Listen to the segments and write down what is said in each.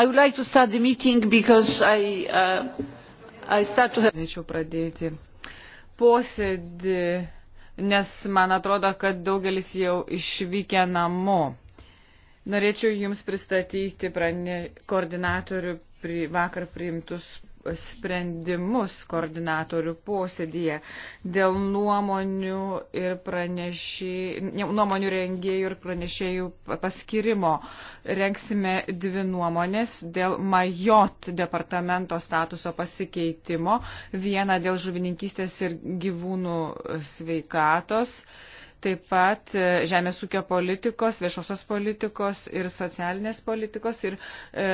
I would like to start the meeting because I, uh, I start to have... Norėčiau pradėti posėdį, nes man atrodo, kad daugelis jau išvykę namo. Norėčiau Jums pristatyti prane, koordinatorių pri, vakar priimtus sprendimus koordinatorių posėdėje dėl nuomonių ir pranešėjų, nuomonių rengėjų ir pranešėjų paskirimo. Renksime dvi nuomonės dėl Majot departamento statuso pasikeitimo, vieną dėl žuvininkystės ir gyvūnų sveikatos taip pat e, žemės ūkio politikos, viešosios politikos ir socialinės politikos. Ir e,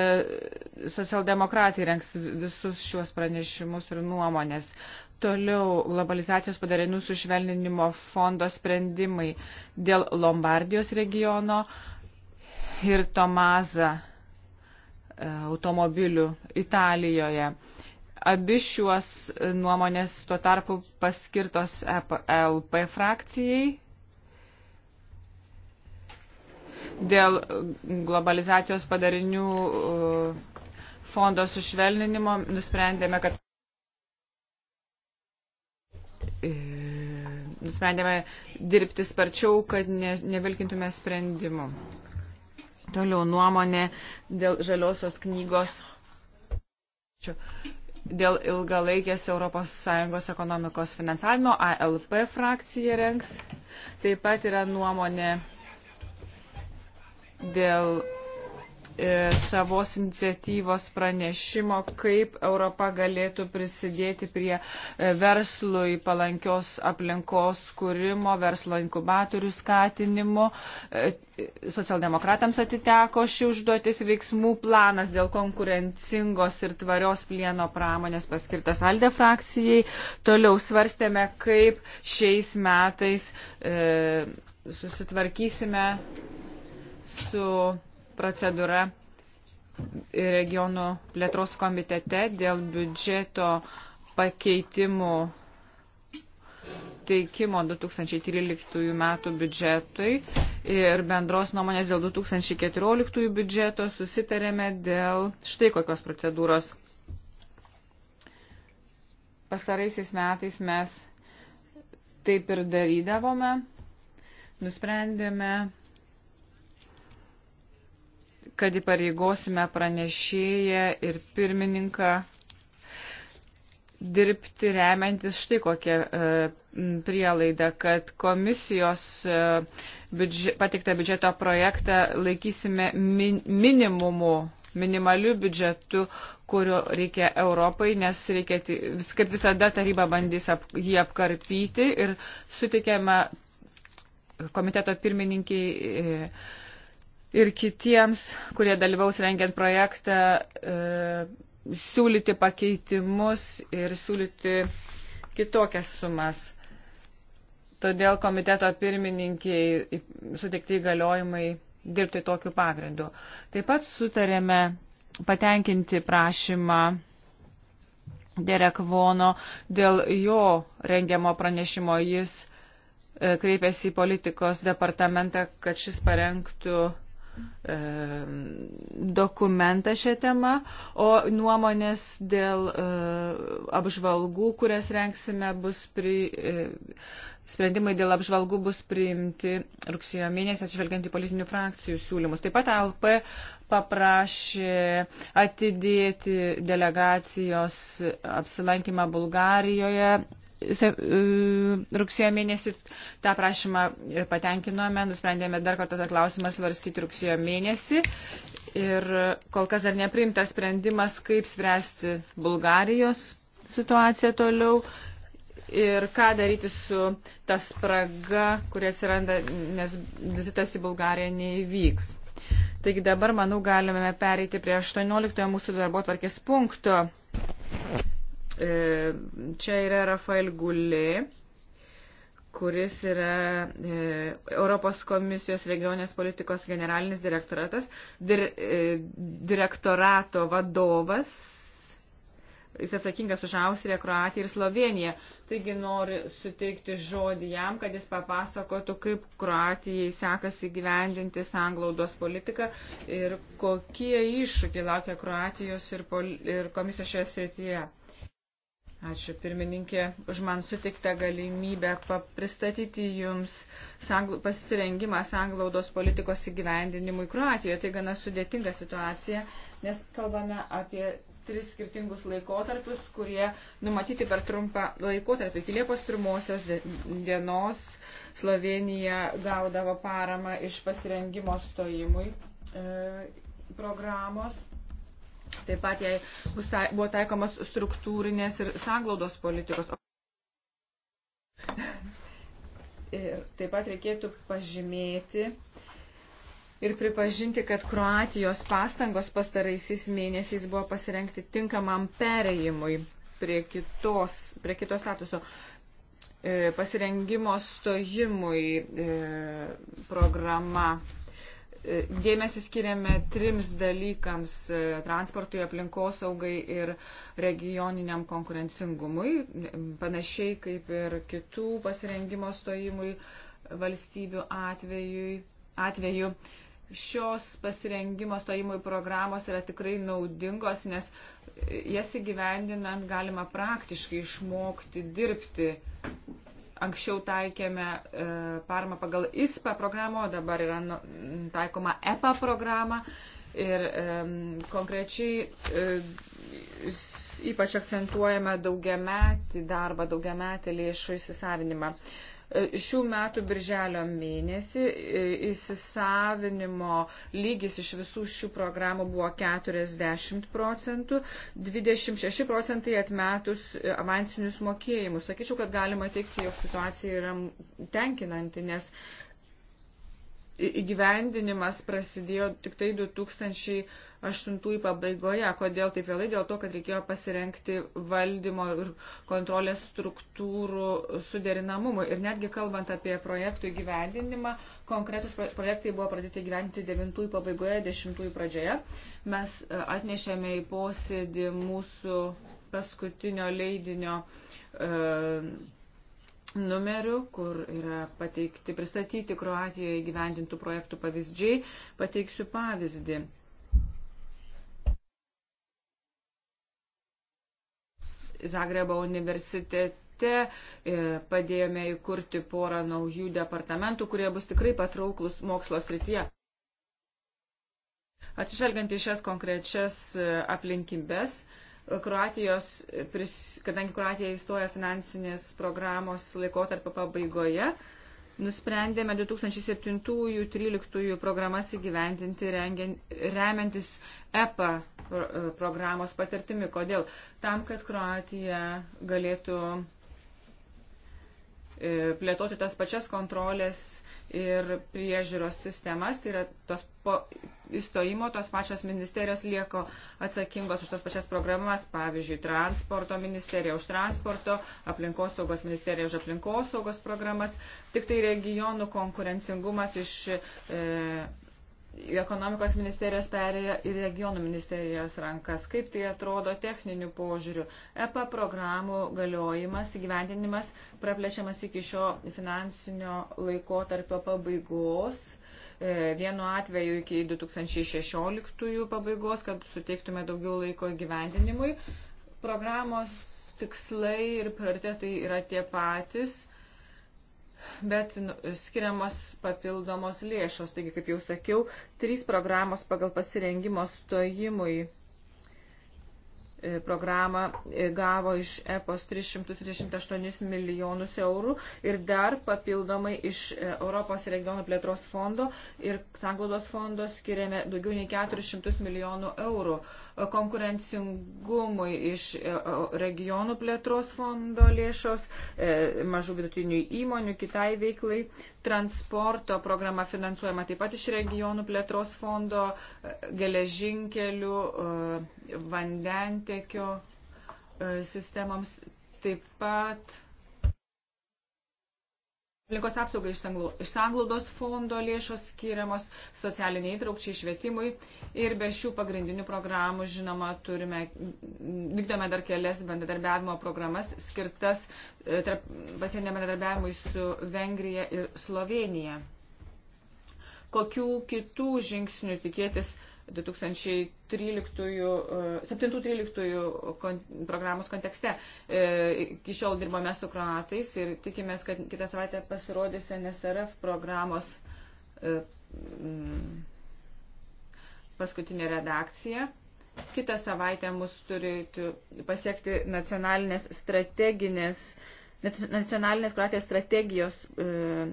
socialdemokratai renks visus šiuos pranešimus ir nuomonės. Toliau globalizacijos padarinių sušvelninimo fondo sprendimai dėl Lombardijos regiono ir Tomaza e, automobilių Italijoje. Abi šiuos e, nuomonės tuo tarpu paskirtos LP frakcijai dėl globalizacijos padarinių uh, fondo sušvelninimo nusprendėme, kad e, nusprendėme dirbti sparčiau, kad ne, nevilkintume sprendimų. Toliau nuomonė dėl žaliosios knygos, dėl ilgalaikės ES ekonomikos finansavimo, ALP frakcija rengs. Taip pat yra nuomonė dėl e, savos iniciatyvos pranešimo, kaip Europa galėtų prisidėti prie e, verslui palankios aplinkos kūrimo, verslo inkubatorių skatinimo. E, socialdemokratams atiteko ši užduotis veiksmų planas dėl konkurencingos ir tvarios plieno pramonės paskirtas Alde frakcijai. Toliau svarstėme, kaip šiais metais e, susitvarkysime su procedūra regionų plėtros komitete dėl biudžeto pakeitimų teikimo 2013 metų biudžetui ir bendros nuomonės dėl 2014 biudžeto susitarėme dėl štai kokios procedūros. Pastaraisiais metais mes taip ir darydavome, nusprendėme kad įpareigosime pranešėją ir pirmininką dirbti remiantis štai kokią e, prielaidą, kad komisijos e, biudžet, patiktą biudžeto projektą laikysime min, minimumu, minimaliu biudžetu, kurio reikia Europai, nes reikia, kaip visada, taryba bandys ap, jį apkarpyti ir sutikėme komiteto pirmininkiai. E, ir kitiems, kurie dalyvaus rengiant projektą, e, siūlyti pakeitimus ir siūlyti kitokias sumas. Todėl komiteto pirmininkiai suteikti įgaliojimai dirbti tokiu pagrindu. Taip pat sutarėme patenkinti prašymą Derekvono dėl jo rengiamo pranešimo. Jis e, kreipėsi į politikos departamentą, kad šis parengtų E, dokumentą šią temą, o nuomonės dėl e, apžvalgų, kurias renksime, bus pri, e, sprendimai dėl apžvalgų bus priimti rugsėjo mėnesį, atžvelgiant į politinių frakcijų siūlymus. Taip pat ALP paprašė atidėti delegacijos apsilankymą Bulgarijoje E, rugsėjo mėnesį tą prašymą patenkinome, nusprendėme dar kartą tą klausimą svarstyti rugsėjo mėnesį ir kol kas dar neprimtas sprendimas, kaip spręsti Bulgarijos situaciją toliau ir ką daryti su ta spraga, kurie atsiranda, nes vizitas į Bulgariją neįvyks. Taigi dabar, manau, galime pereiti prie 18 mūsų darbo tvarkės punkto. E, čia yra Rafael Gulė, kuris yra e, Europos komisijos regionės politikos generalinis direktoratas, dir, e, direktorato vadovas jis atsakingas už Austriją, Kroatiją ir Sloveniją. Taigi noriu suteikti žodį jam, kad jis papasakotų, kaip Kroatijai sekasi gyvendinti sanglaudos politiką ir kokie iššūkiai laukia Kroatijos ir, pol, ir komisijos šioje srityje. Ačiū pirmininkė už man sutiktą galimybę pristatyti Jums pasirengimą sanglaudos politikos įgyvendinimui Kroatijoje. Tai gana sudėtinga situacija, nes kalbame apie tris skirtingus laikotarpius, kurie numatyti per trumpą laikotarpį. Iki Liepos pirmosios dienos Slovenija gaudavo paramą iš pasirengimo stojimui e, programos Taip pat jai bus, buvo taikomas struktūrinės ir sanglaudos politikos. Ir taip pat reikėtų pažymėti ir pripažinti, kad Kroatijos pastangos pastaraisiais mėnesiais buvo pasirengti tinkamam perėjimui prie kitos, prie kitos statuso e, pasirengimo stojimui e, programa dėmesį skiriame trims dalykams - transportui, aplinkosaugai ir regioniniam konkurencingumui, panašiai kaip ir kitų pasirengimo stojimui valstybių atvejui, atveju. Šios pasirengimo stojimui programos yra tikrai naudingos, nes jas įgyvendinant galima praktiškai išmokti dirbti Anksčiau taikėme e, parmą pagal ISPA programą, o dabar yra nu, taikoma EPA programa. Ir e, konkrečiai e, ypač akcentuojame daugiametį darbą, daugiametį lėšų įsisavinimą. E, Šių metų birželio mėnesį e, įsisavinimo lygis iš visų šių programų buvo 40 procentų, 26 procentai atmetus avansinius mokėjimus. Sakyčiau, kad galima teikti, jog situacija yra tenkinanti, nes įgyvendinimas prasidėjo tik tai 2008 pabaigoje. Kodėl taip vėlai? Dėl to, kad reikėjo pasirenkti valdymo ir kontrolės struktūrų suderinamumui. Ir netgi kalbant apie projektų įgyvendinimą, konkretus projektai buvo pradėti įgyvendinti 9 pabaigoje, 10 pradžioje. Mes e, atnešėme į posėdį mūsų paskutinio leidinio. E, numeriu, kur yra pateikti, pristatyti Kroatijoje gyvendintų projektų pavyzdžiai. Pateiksiu pavyzdį. Zagrebo universitete e, padėjome įkurti porą naujų departamentų, kurie bus tikrai patrauklus mokslo srityje. Atsižvelgiant į šias konkrečias e, aplinkybės, Kroatijos, kadangi Kroatija įstoja finansinės programos laikotarpio pabaigoje, nusprendėme 2007-2013 programas įgyvendinti remiantis EPA e, programos patirtimi. Kodėl? Tam, kad Kroatija galėtų e, plėtoti tas pačias kontrolės ir priežiūros sistemas, tai yra tos po įstojimo tos pačios ministerijos lieko atsakingos už tas pačias programas, pavyzdžiui, transporto ministerija už transporto, aplinkosaugos ministerija už aplinkosaugos programas, tik tai regionų konkurencingumas iš e, ekonomikos ministerijos perėjo į regionų ministerijos rankas. Kaip tai atrodo techniniu požiūriu? EPA programų galiojimas, įgyvendinimas praplečiamas iki šio finansinio laiko tarpio pabaigos. E, vienu atveju iki 2016 pabaigos, kad suteiktume daugiau laiko gyvendinimui. Programos tikslai ir prioritetai yra tie patys bet nu, skiriamos papildomos lėšos. Taigi, kaip jau sakiau, trys programos pagal pasirengimo stojimui E, programą e, gavo iš EPOS 338 milijonus eurų ir dar papildomai iš e, Europos regionų plėtros fondo ir sanglaudos fondo skiriame daugiau nei 400 milijonų eurų konkurencingumui iš regionų plėtros fondo lėšos, mažų vidutinių įmonių, kitai veiklai transporto programa finansuojama taip pat iš regionų plėtros fondo, geležinkelių, e, vandentekio e, sistemoms taip pat Aplinkos apsaugai iš sanglaudos fondo lėšos skiriamos socialiniai įtraukčiai švietimui ir be šių pagrindinių programų, žinoma, turime, vykdome dar kelias bendradarbiavimo programas skirtas e, pasienio bendradarbiavimui su Vengrija ir Slovenija. Kokių kitų žingsnių tikėtis 2013 programos kontekste. E, iki šiol dirbame su kroatais ir tikimės, kad kitą savaitę pasirodys NSRF programos e, mm, paskutinė redakcija. Kitą savaitę mus turėtų pasiekti nacionalinės strateginės nacionalinės Kroatijos strategijos e,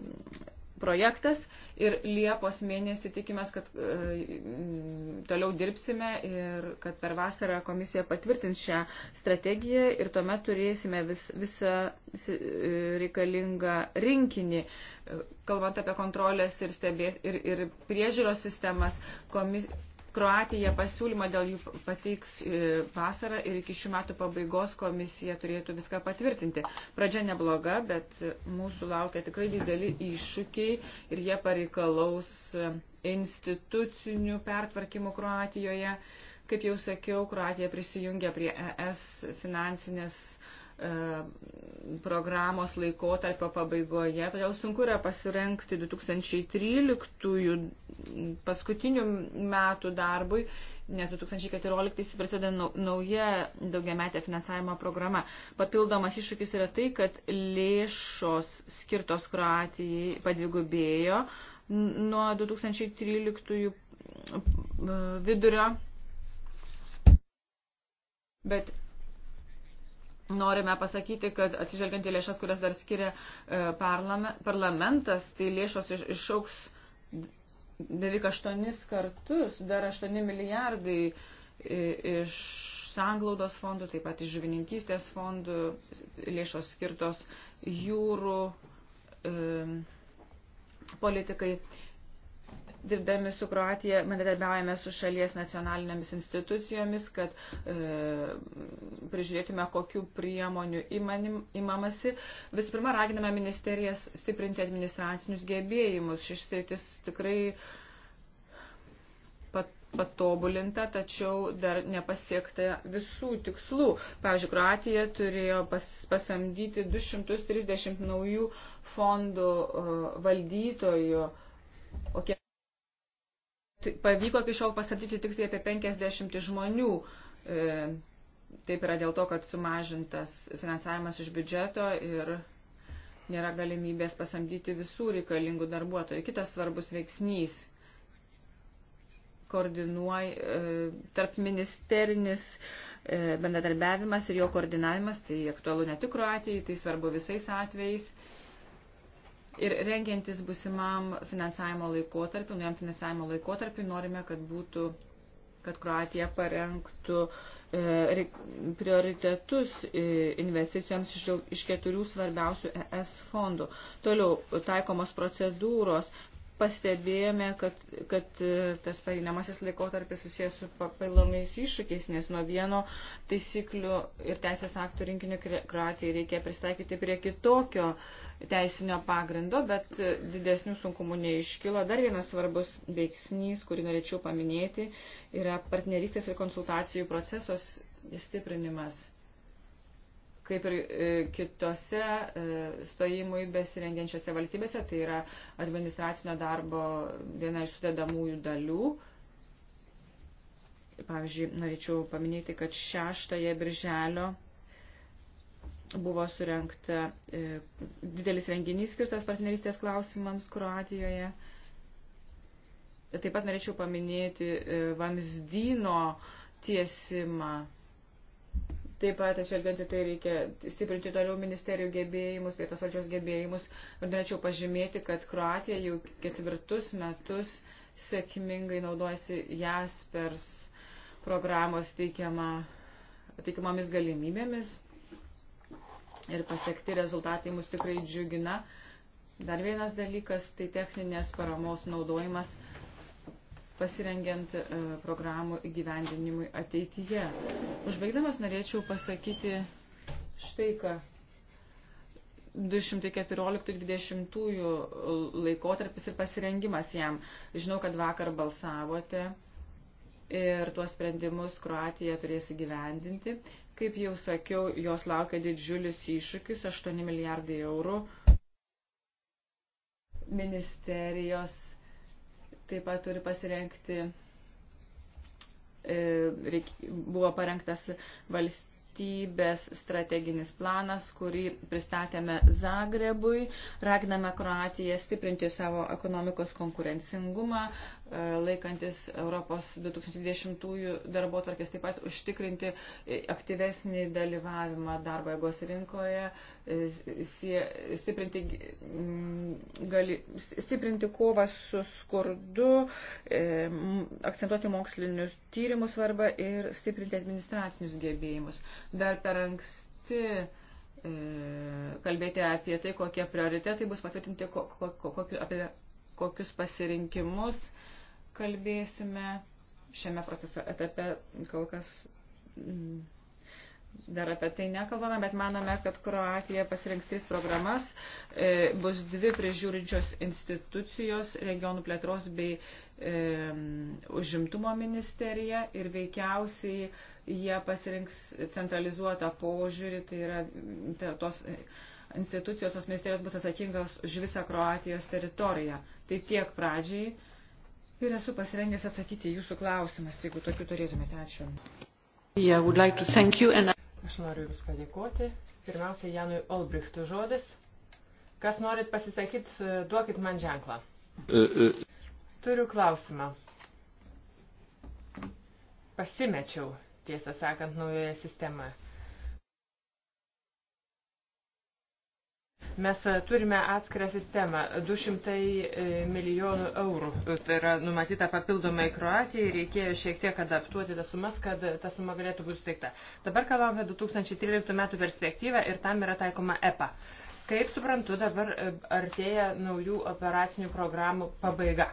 projektas ir Liepos mėnesį tikimės, kad e, toliau dirbsime ir kad per vasarą komisija patvirtins šią strategiją ir tuomet turėsime vis, visą e, reikalingą rinkinį, e, kalbant apie kontrolės ir, stebės, ir, ir priežiūros sistemas. Komis, Kroatija pasiūlymą dėl jų pateiks e, vasarą ir iki šių metų pabaigos komisija turėtų viską patvirtinti. Pradžia nebloga, bet mūsų laukia tikrai dideli iššūkiai ir jie pareikalaus e, institucinių pertvarkymų Kroatijoje. Kaip jau sakiau, Kroatija prisijungia prie ES finansinės uh, E, programos laikotarpio pabaigoje, todėl sunku yra pasirenkti 2013 paskutinių metų darbui, nes 2014 prasideda nauja daugiametė finansavimo programa. Papildomas iššūkis yra tai, kad lėšos skirtos Kroatijai padvigubėjo nuo 2013 e, vidurio. Bet norime pasakyti, kad atsižvelgiant į lėšas, kurias dar skiria e, parlamentas, tai lėšos išauks beveik 8 kartus, dar 8 milijardai e, iš sanglaudos fondų, taip pat iš žuvininkystės fondų, lėšos skirtos jūrų e, politikai dirbdami su Kroatija, bendradarbiaujame su šalies nacionalinėmis institucijomis, kad e, prižiūrėtume, kokiu priemonių imanim, imamasi. Visų pirma, raginame ministerijas stiprinti administracinius gebėjimus. Šis sritis tikrai pat, patobulinta, tačiau dar nepasiekta visų tikslų. Pavyzdžiui, Kroatija turėjo pas, pasamdyti 230 naujų fondų uh, valdytojų. O kiek pavyko iki šiol pastatyti tik tai apie 50 žmonių. E, taip yra dėl to, kad sumažintas finansavimas iš biudžeto ir nėra galimybės pasamdyti visų reikalingų darbuotojų. Kitas svarbus veiksnys koordinuoj, e, tarp ministerinis e, bendradarbiavimas ir jo koordinavimas, tai aktualu ne tik Kroatijai, tai svarbu visais atvejais. Ir rengiantis busimam finansavimo laikotarpiu, naujam finansavimo laikotarpiu, norime, kad būtų kad Kroatija parengtų e, prioritetus e, investicijoms iš, iš keturių svarbiausių ES fondų. Toliau taikomos procedūros, pastebėjome, kad, kad e, tas pereinamasis laikotarpis susijęs su papildomais iššūkiais, nes nuo vieno taisyklių ir teisės aktų rinkinio Kroatijai reikia pristaikyti prie kitokio teisinio pagrindo, bet e, didesnių sunkumų neiškilo. Dar vienas svarbus veiksnys, kurį norėčiau paminėti, yra partnerystės ir konsultacijų procesos stiprinimas kaip ir e, kitose e, stojimui besirengiančiose valstybėse, tai yra administracinio darbo viena iš sudedamųjų dalių. Pavyzdžiui, norėčiau paminėti, kad 6 birželio buvo surenkta e, didelis renginys skirtas partnerystės klausimams Kroatijoje. Taip pat norėčiau paminėti vamzdyno tiesimą Taip pat, atsižvelgiant į tai, reikia stiprinti toliau ministerijų gebėjimus, vietos valdžios gebėjimus. Ir norėčiau pažymėti, kad Kroatija jau ketvirtus metus sėkmingai naudojasi JASPERS programos teikiama, teikiamomis galimybėmis. Ir pasiekti rezultatai mus tikrai džiugina. Dar vienas dalykas - tai techninės paramos naudojimas pasirengiant e, programų įgyvendinimui ateityje. Užbaigdamas norėčiau pasakyti štai ką. 214-20 laikotarpis ir pasirengimas jam. Žinau, kad vakar balsavote ir tuos sprendimus Kroatija turės įgyvendinti. Kaip jau sakiau, jos laukia didžiulis iššūkis - 8 milijardai eurų ministerijos taip pat turi pasirenkti, e, buvo parengtas valstybės strateginis planas, kurį pristatėme Zagrebui, ragname Kroatiją stiprinti savo ekonomikos konkurencingumą, E, laikantis Europos 2020 darbo tvarkės, taip pat užtikrinti e, aktyvesnį dalyvavimą darbo jėgos rinkoje, e, stiprinti, mm, gali, stiprinti kovą su skurdu, akcentuoti mokslinius tyrimų svarbą ir stiprinti administracinius gebėjimus. Dar per anksti kalbėti apie tai, kokie prioritetai bus patvirtinti, kokiu, apie kokius pasirinkimus uh, kalbėsime šiame proceso etape, kol kas mm, dar apie tai nekalbame, bet manome, kad Kroatija pasirinks tris programas, e, bus dvi prižiūrinčios institucijos, regionų plėtros bei e, užimtumo ministerija ir veikiausiai jie pasirinks centralizuotą požiūrį, tai yra tai, tos institucijos, tos ministerijos bus atsakingos už visą Kroatijos teritoriją. Tai tiek pradžiai ir esu pasirengęs atsakyti jūsų klausimus, jeigu tokių turėtumėte. Ačiū. Yeah, like and... Aš noriu Jums padėkoti. Pirmiausia, Janui Olbrichtų žodis. Kas norit pasisakyti, duokit man ženklą. E, e. Turiu klausimą. Pasimečiau, tiesą sakant, naujoje sistemoje Mes e, turime atskirą sistemą. 200 e, milijonų eurų tai yra numatyta papildomai Kroatijai. Reikėjo šiek tiek adaptuoti tas sumas, kad ta suma galėtų būti suteikta. Dabar kalbame apie 2013 metų perspektyvą ir tam yra taikoma EPA. Kaip suprantu, dabar e, artėja naujų operacinių programų pabaiga.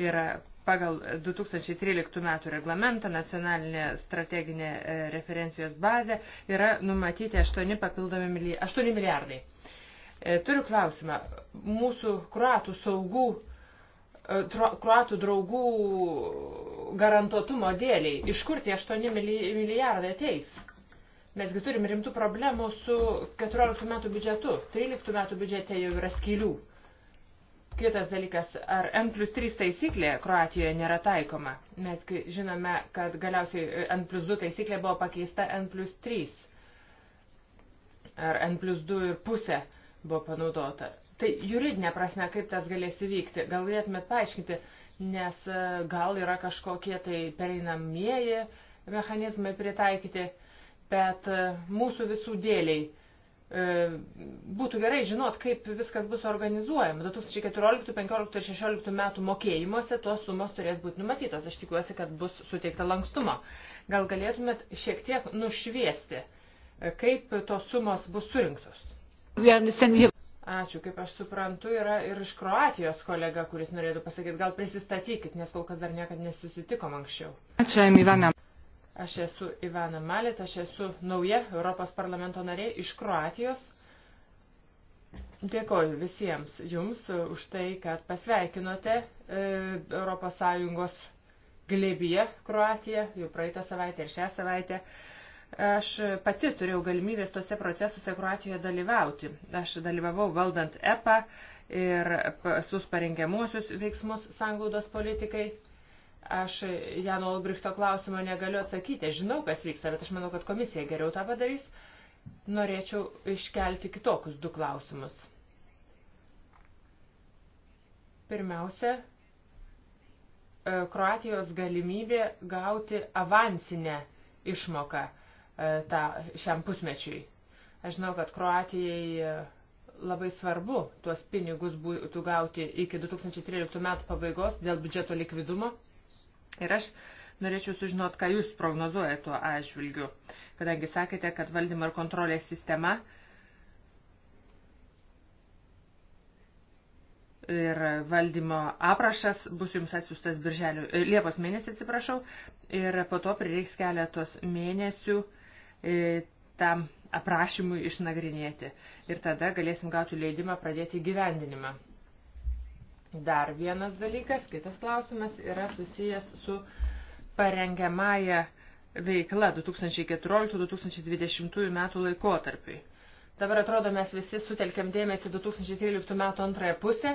Ir pagal 2013 metų reglamentą nacionalinė strateginė referencijos bazė yra numatyti 8 papildomi 8 milijardai. E, turiu klausimą. Mūsų kruatų saugų, e, kruatų draugų garantuotumo dėliai, iš kur tie 8 milijardai ateis? Mesgi turim rimtų problemų su 14 metų biudžetu. 13 metų biudžete jau yra skylių. Kitas dalykas, ar N plus 3 taisyklė Kroatijoje nėra taikoma? Mes žinome, kad galiausiai e, N plus 2 taisyklė buvo pakeista N plus 3. Ar N plus 2 ir pusė. Uh, buvo panaudota. Tai juridinė prasme, kaip tas galės įvykti, gal galėtumėt paaiškinti, nes e, gal yra kažkokie tai pereinamieji mechanizmai pritaikyti, bet e, mūsų visų dėliai e, būtų gerai žinot, kaip viskas bus organizuojama. 2014, 2015 ir 2016 metų mokėjimuose tos sumos turės būti numatytos. Aš tikiuosi, kad bus suteikta lankstumo. Gal galėtumėt šiek tiek nušviesti, kaip tos sumos bus surinktos. Ačiū, kaip aš suprantu, yra ir iš Kroatijos kolega, kuris norėtų pasakyti, gal prisistatykit, nes kol kas dar niekad nesusitikom anksčiau. Ačiū, Ivana. Aš esu Ivana Malit, aš esu nauja Europos parlamento narė iš Kroatijos. Dėkoju visiems jums už tai, kad pasveikinote ES glėbyje Kroatiją, jau praeitą savaitę ir šią savaitę. Aš pati turėjau galimybės tose procesuose Kroatijoje dalyvauti. Aš dalyvavau valdant EPA ir sus parengiamuosius veiksmus sanglaudos politikai. Aš Jano Olbrichto klausimo negaliu atsakyti. Aš žinau, kas vyksta, bet aš manau, kad komisija geriau tą padarys. Norėčiau iškelti kitokius du klausimus. Pirmiausia, e, Kroatijos galimybė gauti avansinę išmoką E, ta, šiam pusmečiui. Aš žinau, kad Kroatijai e, labai svarbu tuos pinigus būtų gauti iki 2013 metų pabaigos dėl biudžeto likvidumo. Ir aš norėčiau sužinoti, ką jūs prognozuojate tuo atžvilgiu, kadangi sakėte, kad valdymo ir kontrolės sistema ir valdymo aprašas bus jums atsiustas birželio, e, Liepos mėnesį atsiprašau, ir po to prireiks keletos mėnesių E, tam aprašymui išnagrinėti. Ir tada galėsim gauti leidimą pradėti gyvendinimą. Dar vienas dalykas, kitas klausimas yra susijęs su parengiamąją veiklą 2014-2020 metų laikotarpiui. Dabar atrodo, mes visi sutelkiam dėmesį 2013 metų antrąją pusę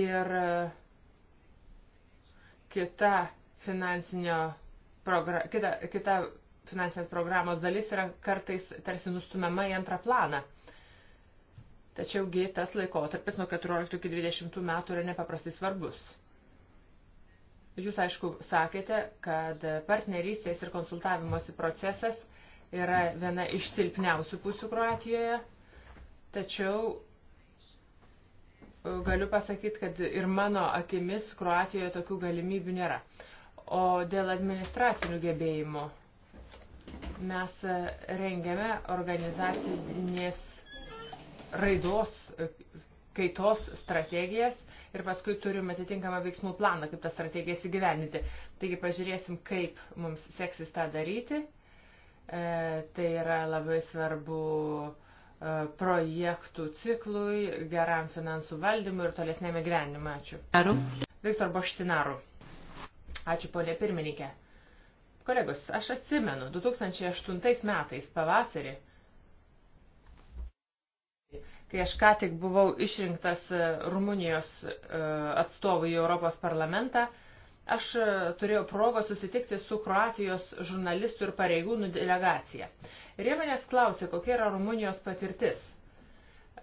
ir e, kita finansinio progra... kita, kita finansinės programos dalis yra kartais tarsi nustumiama į antrą planą. Tačiaugi tas laikotarpis nuo 14 iki 20 metų yra nepaprastai svarbus. Jūs, aišku, sakėte, kad partnerystės ir konsultavimosi procesas yra viena iš silpniausių pusių Kroatijoje, tačiau e, galiu pasakyti, kad ir mano akimis Kroatijoje tokių galimybių nėra. O dėl administracinių gebėjimų Mes e, rengiame organizacinės raidos e, kaitos strategijas ir paskui turim atitinkamą veiksmų planą, kaip tas strategijas įgyveninti. Taigi pažiūrėsim, kaip mums seksis tą daryti. E, tai yra labai svarbu e, projektų ciklui, geram finansų valdymui ir tolesnėme gyvenime. Ačiū. Aru. Viktor Boštinaru. Ačiū, ponė pirmininkė. Kolegos, aš atsimenu, 2008 metais pavasarį, kai aš ką tik buvau išrinktas e, Rumunijos e, atstovų į Europos parlamentą, aš e, turėjau progą susitikti su Kroatijos žurnalistų ir pareigūnų delegacija. Ir jie manęs klausė, kokia yra Rumunijos patirtis –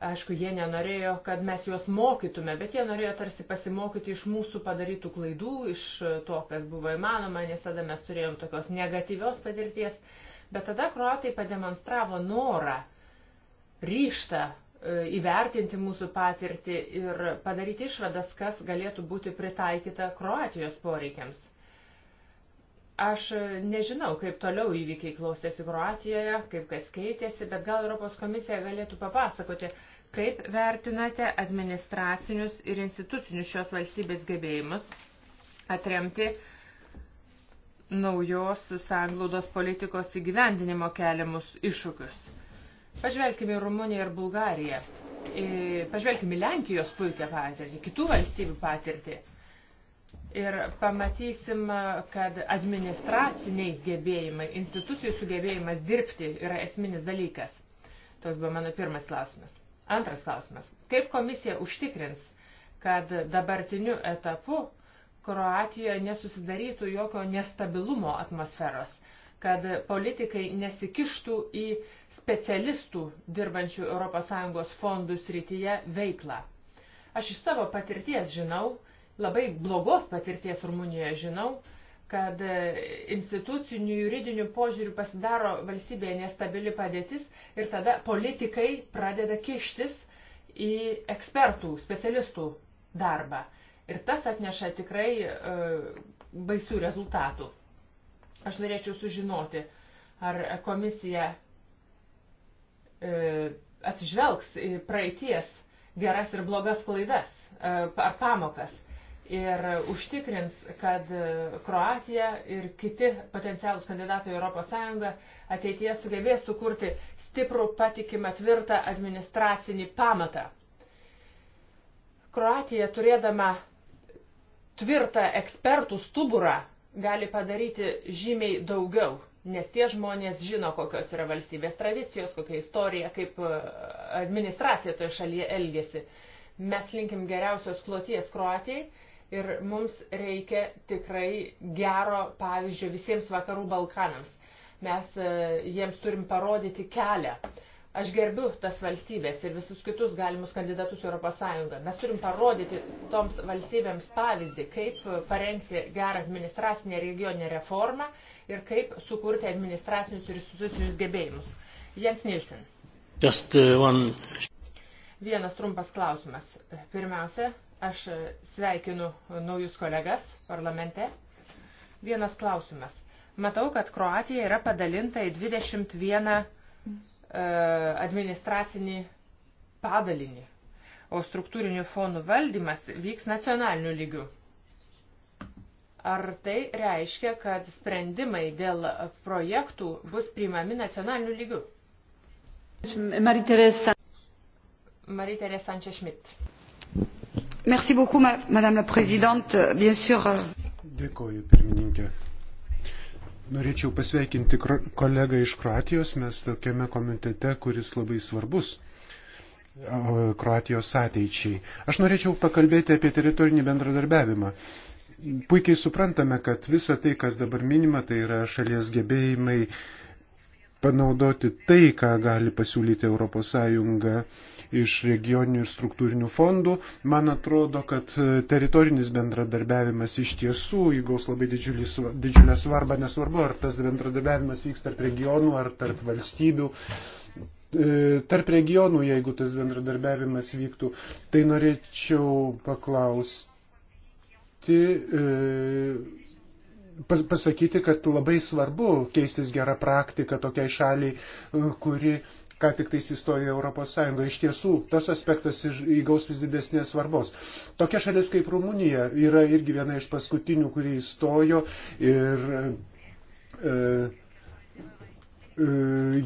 Aišku, jie nenorėjo, kad mes juos mokytume, bet jie norėjo tarsi pasimokyti iš mūsų padarytų klaidų, iš e, to, kas buvo įmanoma, nes tada mes turėjom tokios negatyvios patirties. Bet tada kruatai pademonstravo norą, ryštą e, įvertinti mūsų patirtį ir padaryti išvadas, kas galėtų būti pritaikyta Kroatijos poreikiams. Aš nežinau, kaip toliau įvykiai klausėsi Kroatijoje, kaip kas keitėsi, bet gal Europos komisija galėtų papasakoti, kaip vertinate administracinius ir institucinius šios valstybės gebėjimus atremti naujos sanglaudos politikos įgyvendinimo keliamus iššūkius. Pažvelkime į Rumuniją ir Bulgariją. Pažvelkime į Lenkijos puikią patirtį, kitų valstybių patirtį ir pamatysim, kad administraciniai gebėjimai, institucijų sugebėjimas dirbti yra esminis dalykas. Toks buvo mano pirmas klausimas. Antras klausimas. Kaip komisija užtikrins, kad dabartiniu etapu Kroatijoje nesusidarytų jokio nestabilumo atmosferos, kad politikai nesikištų į specialistų dirbančių ES fondų srityje veiklą? Aš iš savo patirties žinau, labai blogos patirties Rumunijoje, žinau, kad e, institucinių juridinių požiūrių pasidaro valstybėje nestabili padėtis ir tada politikai pradeda kištis į ekspertų, specialistų darbą. Ir tas atneša tikrai e, baisių rezultatų. Aš norėčiau sužinoti, ar komisija e, atsižvelgs į praeities geras ir blogas klaidas e, ar pamokas ir užtikrins, kad e, Kroatija ir kiti potencialus kandidatai Europos Sąjungą ateityje sugebės sukurti stiprų, patikimą, tvirtą administracinį pamatą. Kroatija turėdama tvirtą ekspertų stuburą gali padaryti žymiai daugiau, nes tie žmonės žino, kokios yra valstybės tradicijos, kokia istorija, kaip e, administracija toje šalyje elgesi. Mes linkim geriausios kloties Kroatijai ir mums reikia tikrai gero pavyzdžio visiems vakarų Balkanams. Mes e, jiems turim parodyti kelią. Aš gerbiu tas valstybės ir visus kitus galimus kandidatus Europos Sąjungą. Mes turim parodyti toms valstybėms pavyzdį, kaip parengti gerą administracinę regioninę reformą ir kaip sukurti administracinius ir institucinius gebėjimus. Jens Nilsen. Just, uh, one... Vienas trumpas klausimas. Pirmiausia, Aš sveikinu naujus kolegas parlamente. Vienas klausimas. Matau, kad Kroatija yra padalinta į 21 uh, e, administracinį padalinį, o struktūrinių fondų valdymas vyks nacionaliniu lygiu. Ar tai reiškia, kad sprendimai dėl projektų bus priimami nacionaliniu lygiu? Mariterė Sančia Šmit. Merci beaucoup, madame la présidente. Bien sûr. Euh, Dėkoju, pirmininkė. Norėčiau pasveikinti kolegą iš Kroatijos. Mes tokiame komitete, kuris labai svarbus Kroatijos ateičiai. Aš norėčiau pakalbėti apie teritorinį bendradarbiavimą. Puikiai suprantame, kad visa tai, kas dabar minima, tai yra šalies gebėjimai panaudoti tai, ką gali pasiūlyti ES iš regioninių ir struktūrinių fondų. Man atrodo, kad e, teritorinis bendradarbiavimas iš tiesų įgaus labai didžiulį, didžiulę svarbą, nesvarbu, ar tas bendradarbiavimas vyks tarp regionų ar tarp valstybių. E, tarp regionų, jeigu tas bendradarbiavimas vyktų, tai norėčiau paklausti, e, pas, pasakyti, kad labai svarbu keistis gerą praktiką tokiai šaliai, kuri ką tik tais įstojo Europos Sąjunga. Iš tiesų, tas aspektas įgaus vis didesnės svarbos. Tokia šalis kaip Rumunija yra irgi viena iš paskutinių, kurie įstojo ir e, e,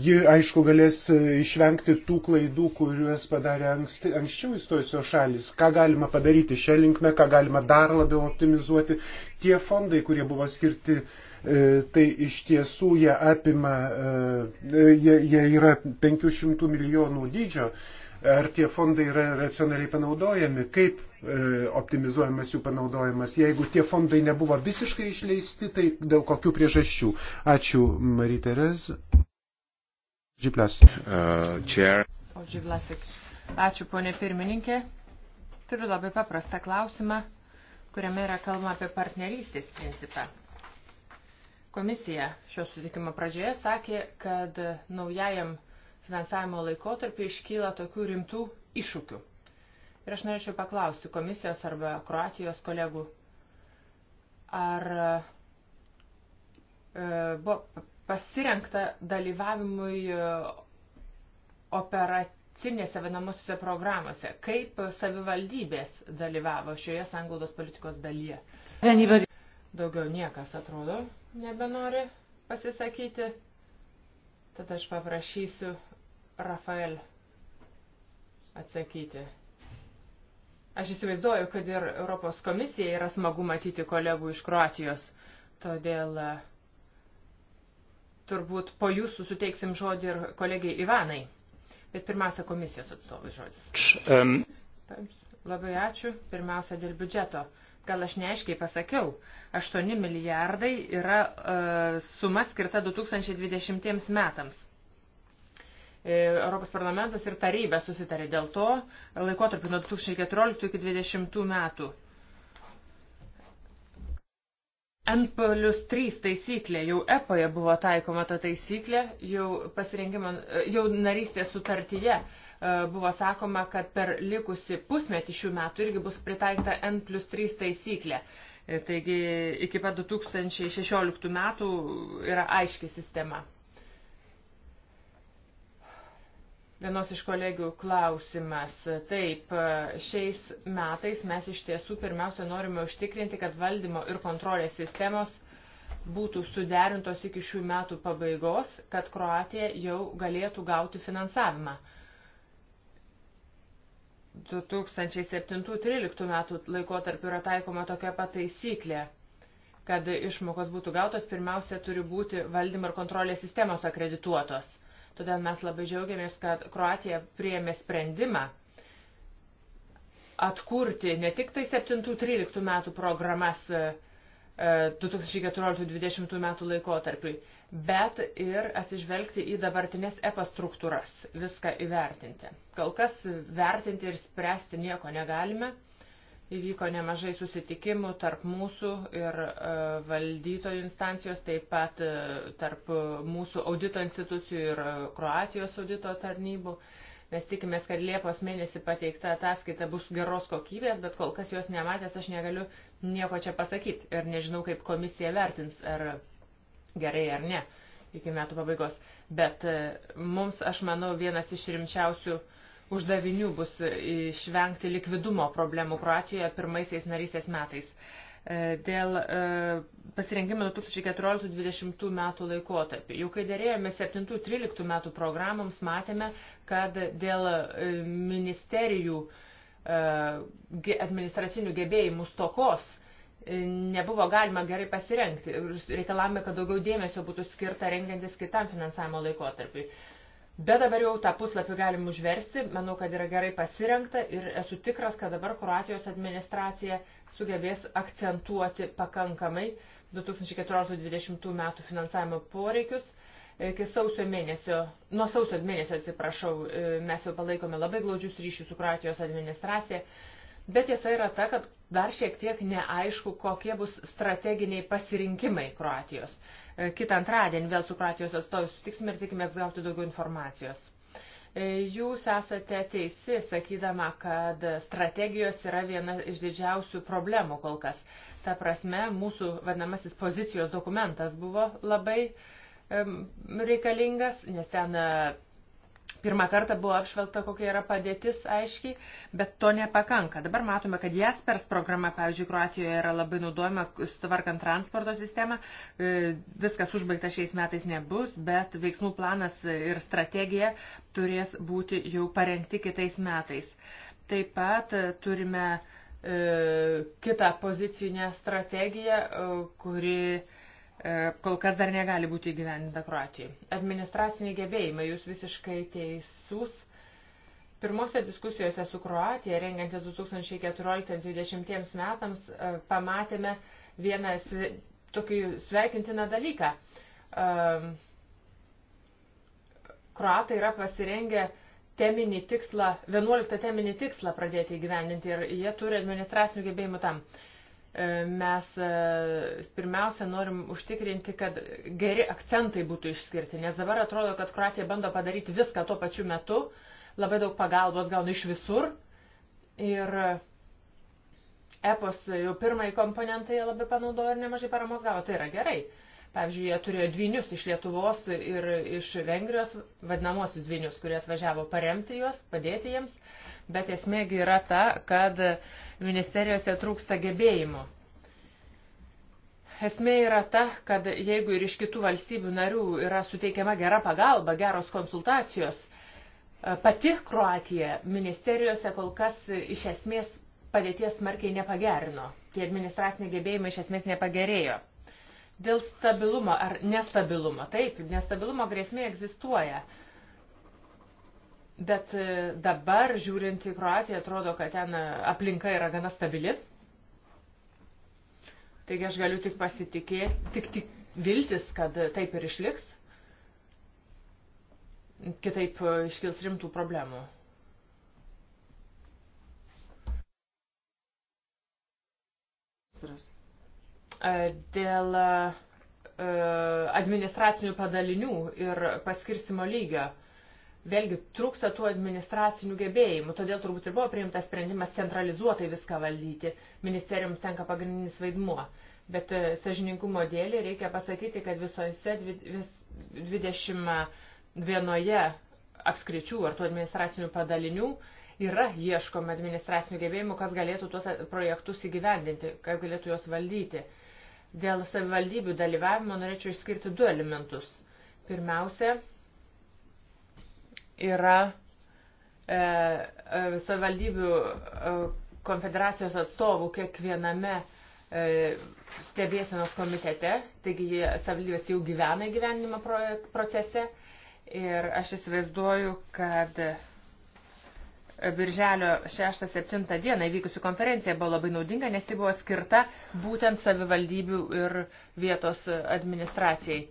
ji, aišku, galės išvengti tų klaidų, kuriuos padarė anksti, anksčiau įstojusios šalis. Ką galima padaryti šią linkmę, ką galima dar labiau optimizuoti. Tie fondai, kurie buvo skirti E, tai iš tiesų jie apima, e, jie, jie yra 500 milijonų dydžio, ar tie fondai yra racionaliai panaudojami, kaip e, optimizuojamas jų panaudojimas. Jeigu tie fondai nebuvo visiškai išleisti, tai dėl kokių priežasčių. Ačiū, Marie Terez. Žiplas. Uh, o Žiplasik. Ačiū, ponė pirmininkė. Turiu labai paprastą klausimą, kuriame yra kalbama apie partnerystės principą. Komisija šio sutikimo pradžioje sakė, kad naujajam finansavimo laikotarpiu iškyla tokių rimtų iššūkių. Ir aš norėčiau paklausti komisijos arba Kroatijos kolegų, ar e, buvo pasirenkta dalyvavimui e, operacinėse vienamosiuose programuose. Kaip savivaldybės dalyvavo šioje sanglaudos politikos dalyje? Daugiau niekas atrodo nebenori pasisakyti, tad aš paprašysiu Rafael atsakyti. Aš įsivaizduoju, kad ir Europos komisija yra smagu matyti kolegų iš Kroatijos, todėl e, turbūt po jūsų suteiksim žodį ir kolegiai Ivanai. Bet pirmiausia, komisijos atstovai žodis. Um. Labai ačiū. Pirmiausia, dėl biudžeto. Gal aš neaiškiai pasakiau, 8 milijardai yra e, suma skirta 2020 metams. E, Europos parlamentas ir taryba susitarė dėl to laikotarpį nuo 2014 iki 2020 metų. N plus 3 taisyklė, jau EPOje e buvo taikoma ta taisyklė, jau, pasirinkimo, e, jau narystės sutartyje E, buvo sakoma, kad per likusi pusmetį šių metų irgi bus pritaikta N plus 3 taisyklė. E, taigi iki pat 2016 metų yra aiški sistema. Vienos iš kolegių klausimas. Taip, e, šiais metais mes iš tiesų pirmiausia norime užtikrinti, kad valdymo ir kontrolės sistemos būtų suderintos iki šių metų pabaigos, kad Kroatija jau galėtų gauti finansavimą. 2007-2013 metų laikotarpiu yra taikoma tokia pat taisyklė, kad išmokos būtų gautos, pirmiausia, turi būti valdymo ir kontrolės sistemos akredituotos. Todėl mes labai džiaugiamės, kad Kroatija priėmė sprendimą atkurti ne tik tai 7-13 metų programas 2014-2020 e, metų laikotarpiui, bet ir atsižvelgti į dabartinės EPA struktūras, viską įvertinti. Kol kas vertinti ir spręsti nieko negalime. Įvyko nemažai susitikimų tarp mūsų ir e, valdytojų instancijos, taip pat e, tarp mūsų audito institucijų ir Kroatijos audito tarnybų. Mes tikimės, kad Liepos mėnesį pateikta ataskaita bus geros kokybės, bet kol kas jos nematęs aš negaliu nieko čia pasakyti ir nežinau, kaip komisija vertins, ar gerai ar ne iki metų pabaigos. Bet e, mums, aš manau, vienas iš rimčiausių uždavinių bus išvengti likvidumo problemų Kroatijoje pirmaisiais narysės metais. E, dėl e, pasirinkimo 2014-2020 metų laikotarpį. Jau kai dėrėjome 7-13 metų programoms, matėme, kad dėl ministerijų uh, E, administracinių gebėjimų stokos e, nebuvo galima gerai pasirengti. Reikalavome, kad daugiau dėmesio būtų skirta rengiantis kitam finansavimo laikotarpiui. Bet dabar jau tą puslapį galim užversti, manau, kad yra gerai pasirengta ir esu tikras, kad dabar Kroatijos administracija sugebės akcentuoti pakankamai 2014-2020 metų finansavimo poreikius. Uh, iki sausio mėnesio, nuo sausio mėnesio atsiprašau, e, mes jau palaikome labai glaudžius ryšius su Kroatijos administracija, bet tiesa yra ta, kad dar šiek tiek neaišku, kokie bus strateginiai pasirinkimai Kroatijos. E, kitą antradienį vėl su Kroatijos atstovus sutiksime ir tikimės gauti daugiau informacijos. E, jūs esate teisi, sakydama, kad strategijos yra viena iš didžiausių problemų kol kas. Ta prasme, mūsų vadinamasis pozicijos dokumentas buvo labai uh, reikalingas, nes ten e, pirmą kartą buvo apšvelgta, kokia yra padėtis aiškiai, bet to nepakanka. Dabar matome, kad Jaspers programa, pavyzdžiui, Kroatijoje yra labai naudojama, tvarkant transporto sistemą. E, viskas užbaigta šiais metais nebus, bet veiksmų planas ir strategija turės būti jau parengti kitais metais. Taip pat e, turime kitą pozicinę strategiją, kuri E, kol kas dar negali būti įgyvendinta Kroatijai. Administraciniai gebėjimai, jūs visiškai teisūs. Pirmose diskusijose su Kroatija, rengiantis 2014-2020 metams, e, pamatėme vieną tokį sveikintiną dalyką. E, Kroatai yra pasirengę teminį tikslą, 11 teminį tikslą pradėti įgyvendinti ir jie turi administracinių gebėjimų tam. E, mes e, pirmiausia norim užtikrinti, kad geri akcentai būtų išskirti, nes dabar atrodo, kad Kroatija bando padaryti viską tuo pačiu metu, labai daug pagalbos gauna iš visur ir EPOS jau pirmąjį komponentą jie labai panaudojo ir nemažai paramos gavo, tai yra gerai. Pavyzdžiui, jie turėjo dvinius iš Lietuvos ir iš Vengrijos, vadinamosius dvinius, kurie atvažiavo paremti juos, padėti jiems, bet esmėgi yra ta, kad uh, ministerijose trūksta gebėjimų. Esmė yra ta, kad jeigu ir iš kitų valstybių narių yra suteikiama gera pagalba, geros konsultacijos, e, pati Kroatija ministerijose kol kas iš esmės padėties smarkiai nepagerino. Tie administraciniai gebėjimai iš esmės nepagerėjo. Dėl stabilumo ar nestabilumo. Taip, nestabilumo grėsmė egzistuoja. Uh, Bet e, dabar, žiūrint į Kroatiją, atrodo, kad ten e, aplinka yra gana stabili. Taigi aš galiu tik pasitikėti, tik, tik viltis, kad taip ir išliks. Kitaip e, iškils rimtų problemų. Dėl administracinių padalinių ir paskirstimo lygio Vėlgi trūksta tų administracinių gebėjimų, todėl turbūt ir buvo priimtas sprendimas centralizuotai viską valdyti. Ministerijoms tenka pagrindinis vaidmuo. Bet e, sažiningumo dėlį reikia pasakyti, kad visose 21 apskričių ar tų administracinių padalinių yra ieškoma administracinių gebėjimų, kas galėtų tuos projektus įgyvendinti, kas galėtų juos valdyti. Dėl savivaldybių dalyvavimo norėčiau išskirti du elementus. Pirmiausia, yra e, e, savivaldybių e, konfederacijos atstovų kiekviename stebėsenos komitete, taigi jie savivaldybės jau gyvena gyvenimo procese ir aš įsivaizduoju, kad Birželio 6-7 dieną įvykusi konferencija buvo labai naudinga, nes ji buvo skirta būtent savivaldybių ir vietos administracijai.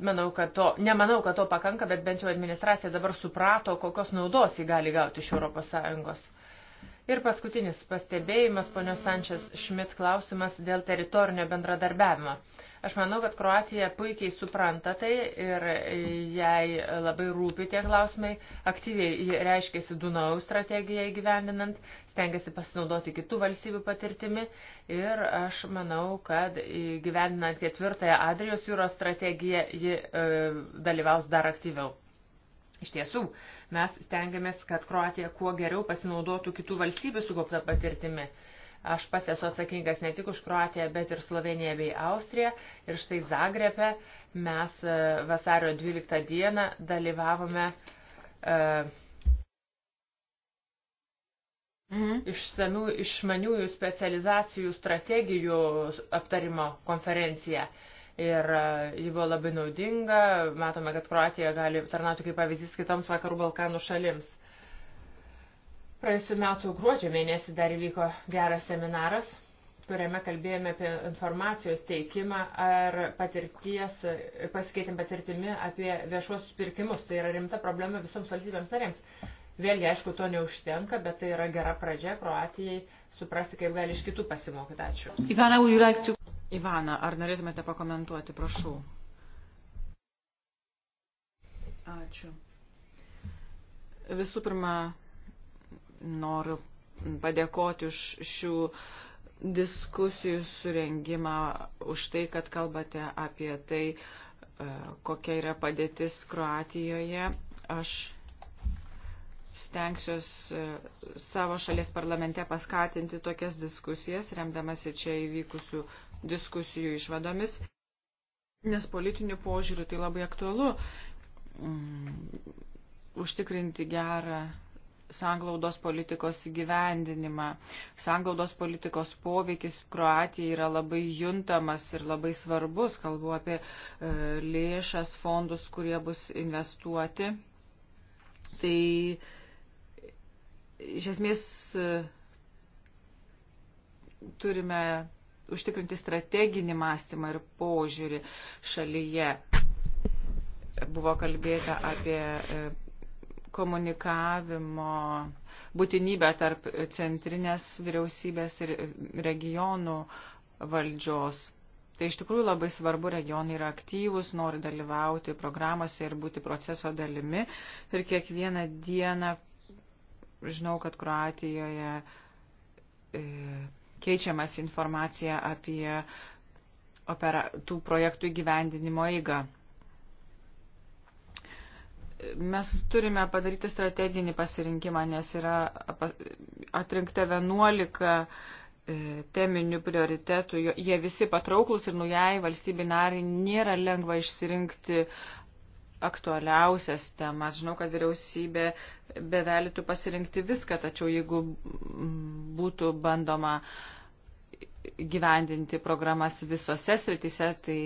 Manau, kad to, nemanau, kad to pakanka, bet bent jau administracija dabar suprato, kokios naudos jį gali gauti iš ES. Ir paskutinis pastebėjimas, ponios Sančias Šmit klausimas dėl teritorinio bendradarbiavimo. Aš manau, kad Kroatija puikiai supranta tai ir jai labai rūpi tie klausimai. Aktyviai reiškėsi Dunaus strategiją įgyvendinant, stengiasi pasinaudoti kitų valstybių patirtimi ir aš manau, kad įgyvendinant ketvirtąją Adrijos jūros strategiją ji e, dalyvaus dar aktyviau. Iš tiesų, mes stengiamės, kad Kroatija kuo geriau pasinaudotų kitų valstybių sukauptą patirtimi. E, Aš pats esu atsakingas ne tik už Kroatiją, bet ir Sloveniją bei Austriją. Ir štai Zagrepe mes e, vasario 12 dieną dalyvavome uh, mhm. išsamių išmaniųjų specializacijų strategijų aptarimo konferenciją. Ir e, ji buvo labai naudinga. Matome, kad Kroatija gali tarnauti kaip pavyzdys kitoms vakarų Balkanų šalims. Praėjusiu metu gruodžio mėnesį dar įvyko geras seminaras, kuriame kalbėjome apie informacijos teikimą ar patirties, pasikeitėm patirtimi apie viešuosius pirkimus. Tai yra rimta problema visoms valstybėms narėms. Vėlgi, aišku, to neužtenka, bet tai yra gera pradžia Kroatijai suprasti, kaip gali iš kitų pasimokyti. Ačiū. Ivana, like to... Ivana, ar norėtumėte pakomentuoti, prašau. Ačiū. Visų pirma, noriu padėkoti už šių diskusijų surengimą, už tai, kad kalbate apie tai, e, kokia yra padėtis Kroatijoje. Aš stengsiuos e, savo šalies parlamente paskatinti tokias diskusijas, remdamasi čia įvykusių diskusijų išvadomis, nes politinių požiūrių tai labai aktualu mm, užtikrinti gerą sanglaudos politikos gyvendinimą. Sanglaudos politikos poveikis Kroatijai yra labai juntamas ir labai svarbus. Kalbu apie e, lėšas, fondus, kurie bus investuoti. Tai iš esmės e, turime užtikrinti strateginį mąstymą ir požiūrį šalyje. Buvo kalbėta apie e, komunikavimo būtinybę tarp centrinės vyriausybės ir regionų valdžios. Tai iš tikrųjų labai svarbu, regionai yra aktyvus, nori dalyvauti programuose ir būti proceso dalimi. Ir kiekvieną dieną žinau, kad Kroatijoje e, keičiamas informacija apie opera, tų projektų įgyvendinimo eigą mes turime padaryti strateginį pasirinkimą, nes yra atrinkta 11 e, teminių prioritetų. Jie visi patrauklus ir nujai valstybė nariai nėra lengva išsirinkti aktualiausias temas. Žinau, kad vyriausybė bevelytų pasirinkti viską, tačiau jeigu būtų bandoma gyvendinti programas visose sritise, tai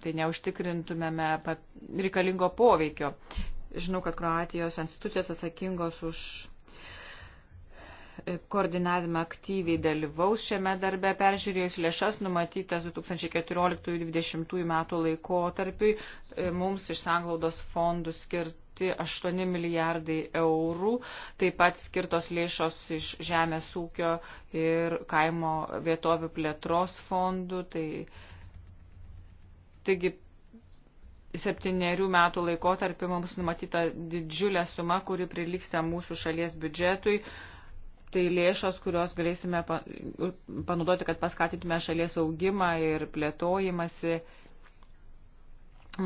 tai neužtikrintumėme reikalingo poveikio. Žinau, kad Kroatijos institucijos atsakingos už e, koordinavimą aktyviai dalyvaus šiame darbe, peržiūrėjus lėšas numatytas 2014-2020 metų laikotarpiui, e, mums iš sanglaudos fondų skirti 8 milijardai eurų, taip pat skirtos lėšos iš žemės ūkio ir kaimo vietovių plėtros fondų, tai Taigi septyniarių metų laikotarpį mums numatyta didžiulė suma, kuri priliksta mūsų šalies biudžetui. Tai lėšos, kurios galėsime panaudoti, kad paskatytume šalies augimą ir plėtojimąsi.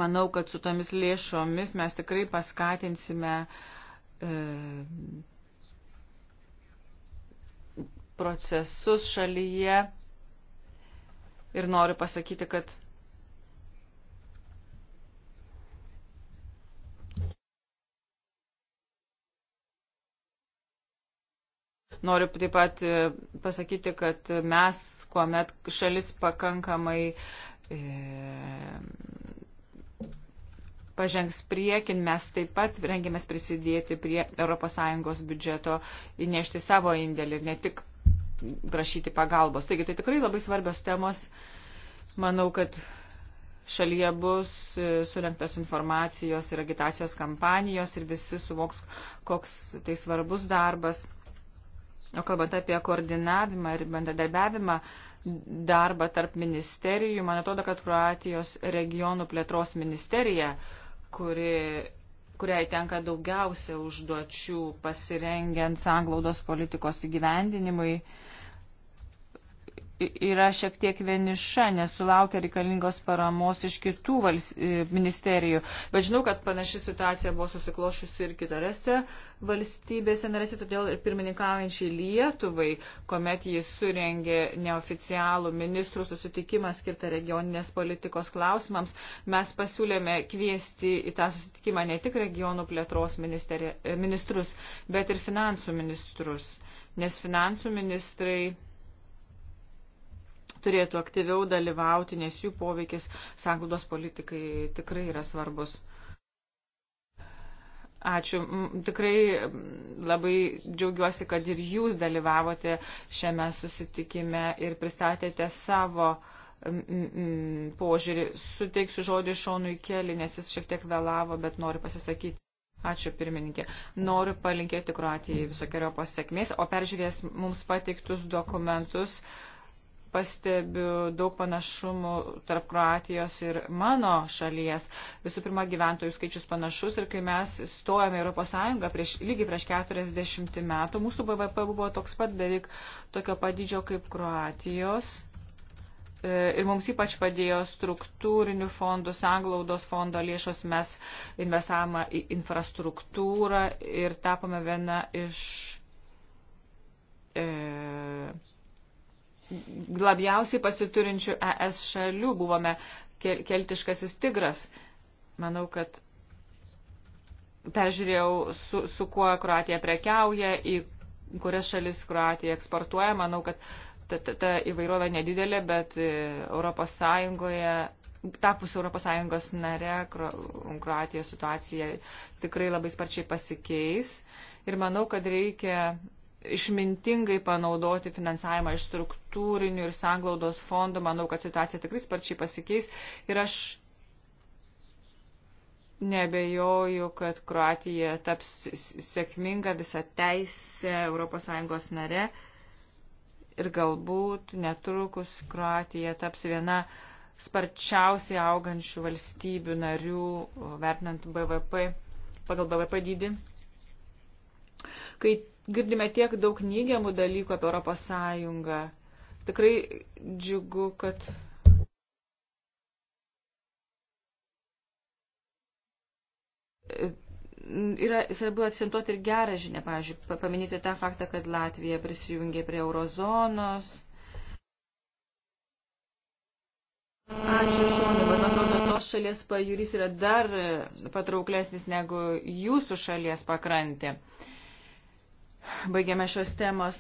Manau, kad su tomis lėšomis mes tikrai paskatinsime e, procesus šalyje. Ir noriu pasakyti, kad Noriu taip pat e, pasakyti, kad mes, kuomet šalis pakankamai e, pažengs priekin, mes taip pat rengiamės prisidėti prie ES biudžeto, įnešti savo indėlį ir ne tik prašyti pagalbos. Taigi tai tikrai labai svarbios temos. Manau, kad šalyje bus e, surinktos informacijos ir agitacijos kampanijos ir visi suvoks, koks tai svarbus darbas. O kalbant apie koordinavimą ir bendradarbiavimą, darbą tarp ministerijų, man atrodo, kad Kroatijos regionų plėtros ministerija, kuri, kuriai tenka daugiausia užduočių pasirengiant sanglaudos politikos įgyvendinimui, uh, yra šiek tiek vieniša, nesulaukia reikalingos paramos iš kitų e, ministerijų. Bet žinau, kad panaši situacija buvo susiklošusi ir kitose valstybėse narėse, todėl ir pirmininkaujančiai Lietuvai, kuomet jis surengė neoficialų ministrų susitikimą skirtą regioninės politikos klausimams, mes pasiūlėme kviesti į tą susitikimą ne tik regionų plėtros ministrus, bet ir finansų ministrus. Nes finansų ministrai turėtų aktyviau dalyvauti, nes jų poveikis sanglaudos politikai tikrai yra svarbus. Ačiū. Tikrai labai džiaugiuosi, kad ir jūs dalyvavote šiame susitikime ir pristatėte savo požiūrį. Suteiksiu žodį Šonui Kelį, nes jis šiek tiek vėlavo, bet noriu pasisakyti. Ačiū pirmininkė. Noriu palinkėti Kroatijai visokiojo pasiekmės, o peržiūrės mums pateiktus dokumentus. Uh, pastebiu daug panašumų tarp Kroatijos ir mano šalies. Visų pirma, gyventojų skaičius panašus ir kai mes stojame Europos Sąjungą prieš, lygiai prieš 40 metų, mūsų BVP buvo toks pat beveik tokio padydžio kaip Kroatijos. E, ir mums ypač padėjo struktūrinių fondų, sanglaudos fondo lėšos, mes investavome į infrastruktūrą ir tapome viena iš. E, labiausiai pasiturinčių ES šalių buvome keltiškasis tigras. Manau, kad peržiūrėjau, su, su kuo Kroatija prekiauja, į kurias šalis Kroatija eksportuoja. Manau, kad ta, ta, ta įvairovė nedidelė, bet e, Europos Sąjungoje, tapus Europos Sąjungos nare, Kro, Kroatijos situacija tikrai labai sparčiai pasikeis. Ir manau, kad reikia išmintingai panaudoti finansavimą iš struktūrinių ir sanglaudos fondų. Manau, kad situacija tikrai sparčiai pasikeis ir aš nebejoju, kad Kroatija taps sėkminga visą teisę ES nare ir galbūt netrukus Kroatija taps viena sparčiausiai augančių valstybių narių, vertinant BVP, pagal BVP dydį Kai girdime tiek daug neigiamų dalykų apie Europos Sąjungą, tikrai džiugu, kad. Yra svarbu akcentuoti ir gerą žinę, pavyzdžiui, paminėti tą faktą, kad Latvija prisijungė prie eurozonos. Ačiū šonai, man atrodo, tos šalies pajūris yra dar patrauklesnis negu jūsų šalies pakrantė. Uh, Baigėme šios temos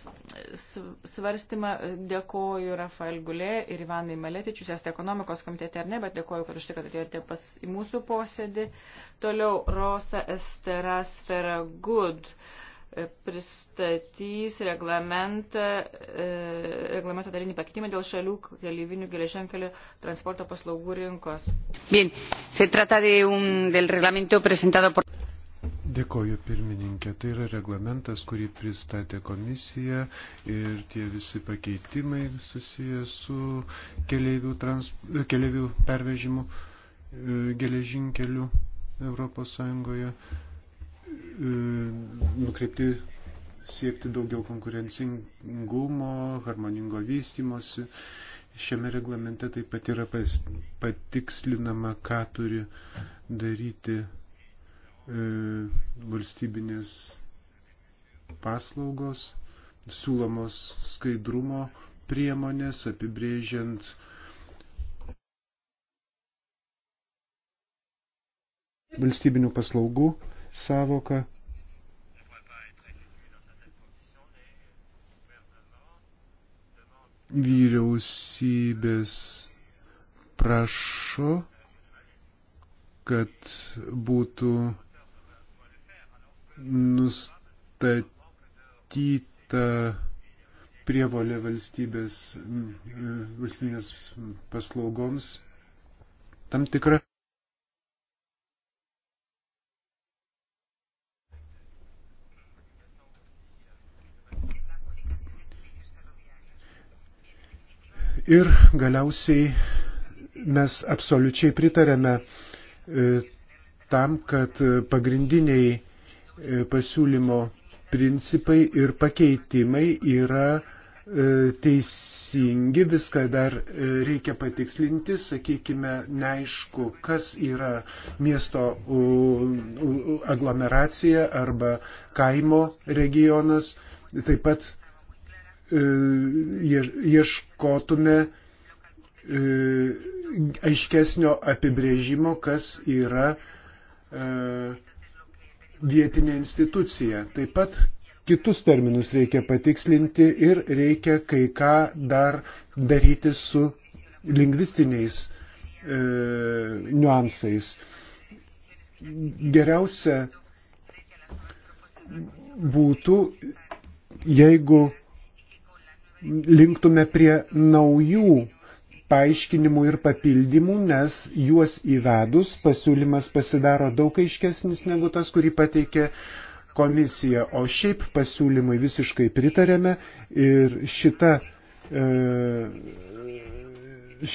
svarstymą. Dėkoju Rafael Gulė ir Ivanai Maletičius, esate ekonomikos komitete ar ne, bet dėkoju, kad už tai, kad atėjote pas į mūsų posėdį. Toliau Rosa Esteras Feragud e, pristatys reglamentą, e, reglamento dalinį pakeitimą dėl šalių keleivinių geležinkelių transporto paslaugų rinkos. Bien, se trata de un, del reglamento presentado por Dėkoju pirmininkė. Tai yra reglamentas, kurį pristatė komisija ir tie visi pakeitimai susiję su keliaivių, trans, keliaivių pervežimu e, geležinkeliu Europos Sąjungoje e, nukreipti siekti daugiau konkurencingumo, harmoningo vystimosi. Šiame reglamente taip pat yra patikslinama, ką turi daryti E, valstybinės paslaugos, siūlomos skaidrumo priemonės, apibrėžiant valstybinių paslaugų savoką. Vyriausybės prašo, kad būtų nustatyta prievolė valstybės, valstybės paslaugoms tam tikra. Ir galiausiai mes absoliučiai pritarėme e, tam, kad pagrindiniai E, pasiūlymo principai ir pakeitimai yra e, teisingi, viską dar e, reikia patikslinti, sakykime, neaišku, kas yra miesto aglomeracija arba kaimo regionas. Taip pat ieškotume aiškesnio apibrėžimo, kas yra vietinė institucija. Taip pat kitus terminus reikia patikslinti ir reikia kai ką dar daryti su lingvistiniais e, niuansais. Geriausia būtų, jeigu linktume prie naujų paaiškinimų ir papildymų, nes juos įvedus pasiūlymas pasidaro daug aiškesnis negu tas, kurį pateikė komisija. O šiaip pasiūlymai visiškai pritarėme ir šita, e,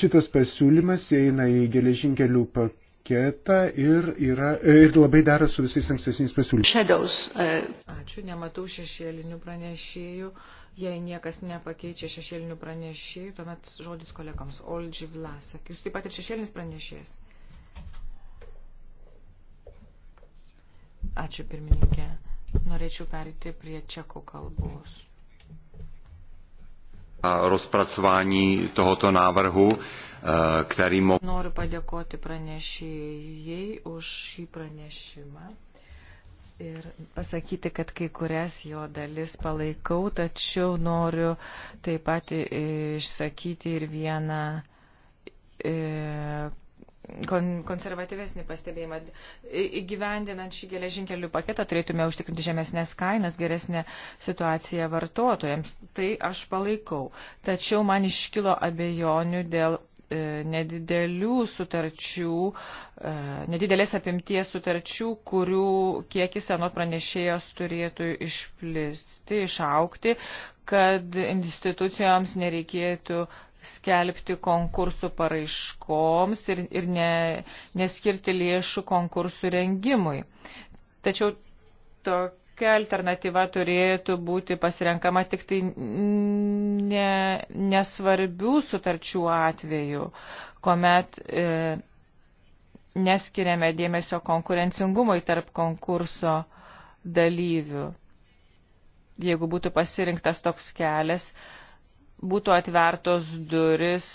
šitas pasiūlymas įeina į geležinkelių paketą paketą ir, yra, ir labai dera su visais ankstesniais pasiūlymais. Shadows. Uh... Ačiū, nematau šešėlinių pranešėjų. Jei niekas nepakeičia šešėlinių pranešėjų, tuomet žodis kolegams. Oldži Vlasak. Jūs taip pat ir šešėlinis pranešėjas. Ačiū, pirmininkė. Norėčiau perėti prie čekų kalbos. Rozpracování tohoto návrhu který mo... Noriu padėkoti pranešėjai už šį pranešimą ir pasakyti, kad kai kurias jo dalis palaikau, tačiau noriu taip pat išsakyti ir vieną konservatyvesnį pastebėjimą. Įgyvendinant šį geležinkelių paketą turėtume užtikrinti žemesnės kainas, geresnę situaciją vartotojams. Tai aš palaikau. Tačiau man iškilo abejonių dėl E, nedidelių sutarčių, e, nedidelės apimties sutarčių, kurių kiekis anot pranešėjos turėtų išplisti, išaukti, kad institucijoms nereikėtų skelbti konkursų paraiškoms ir, ir ne, neskirti lėšų konkursų rengimui. Tačiau tokia tokia alternatyva turėtų būti pasirenkama tik tai ne, nesvarbių sutarčių atveju, kuomet e, neskiriame dėmesio konkurencingumui tarp konkurso dalyvių. Jeigu būtų pasirinktas toks kelias, būtų atvertos duris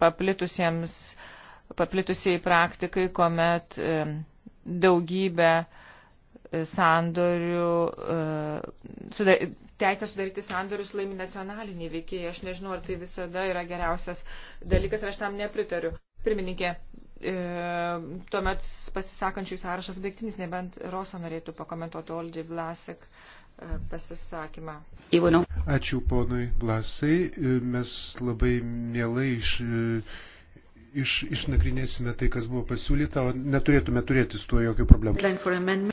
paplitusiems, paplitusiai praktikai, kuomet e, daugybė sandorių, e, sudar, teisę sudaryti sandorius laimi nacionaliniai veikėjai. Aš nežinau, ar tai visada yra geriausias dalykas ir aš tam nepritariu. Pirmininkė, e, tuomet pasisakančių sąrašas baigtinis, nebent Rosa norėtų pakomentuoti Oldžiai Vlasek e, pasisakymą. Ačiū ponui Vlasai, e, mes labai mielai iš. E, iš, išnagrinėsime tai, kas buvo pasiūlyta, o neturėtume turėti su tuo jokių problemų